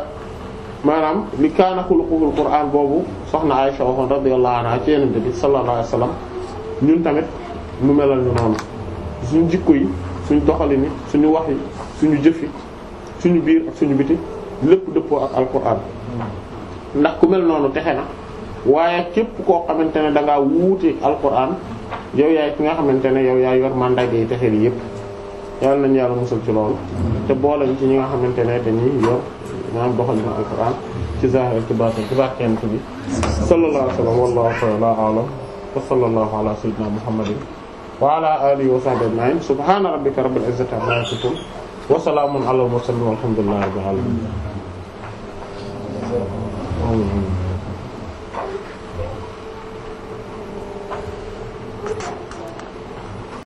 maanaam li kaana xuluquhul quran boobu soxna Aysa waxoon radiyallahu anha ci yenente bi sallallahu alayhi ñun tamit mu melal ñu noonu suñu jikko yi suñu doxalin suñu wax yi suñu jëf suñu biir ak suñu biti lépp dëppoo ak alquran ndax ku mel noonu texe na waaye képp koo xamante ne da ngaa wuute alquran yow yaay ki nga xamante ne yow yaay yor mandat yi texe li yëpp yal nañu yàlla musal ci loolu te boolañ ci ñi nga xamante ne dañuy yor maanaam doxalinu alquran ci zahir ci baatin ci barkent bi sallallahu alayhi wa sallam wallahu ta'ala a'lam wa sallallahu ala sayyidina muhammadin wa ala alihi wa sahbihi ajma'in subhana rabbika rabbil izzati amma yasifun wa salamun ala al mursalin walhamdulillahi rabbil alamin 아우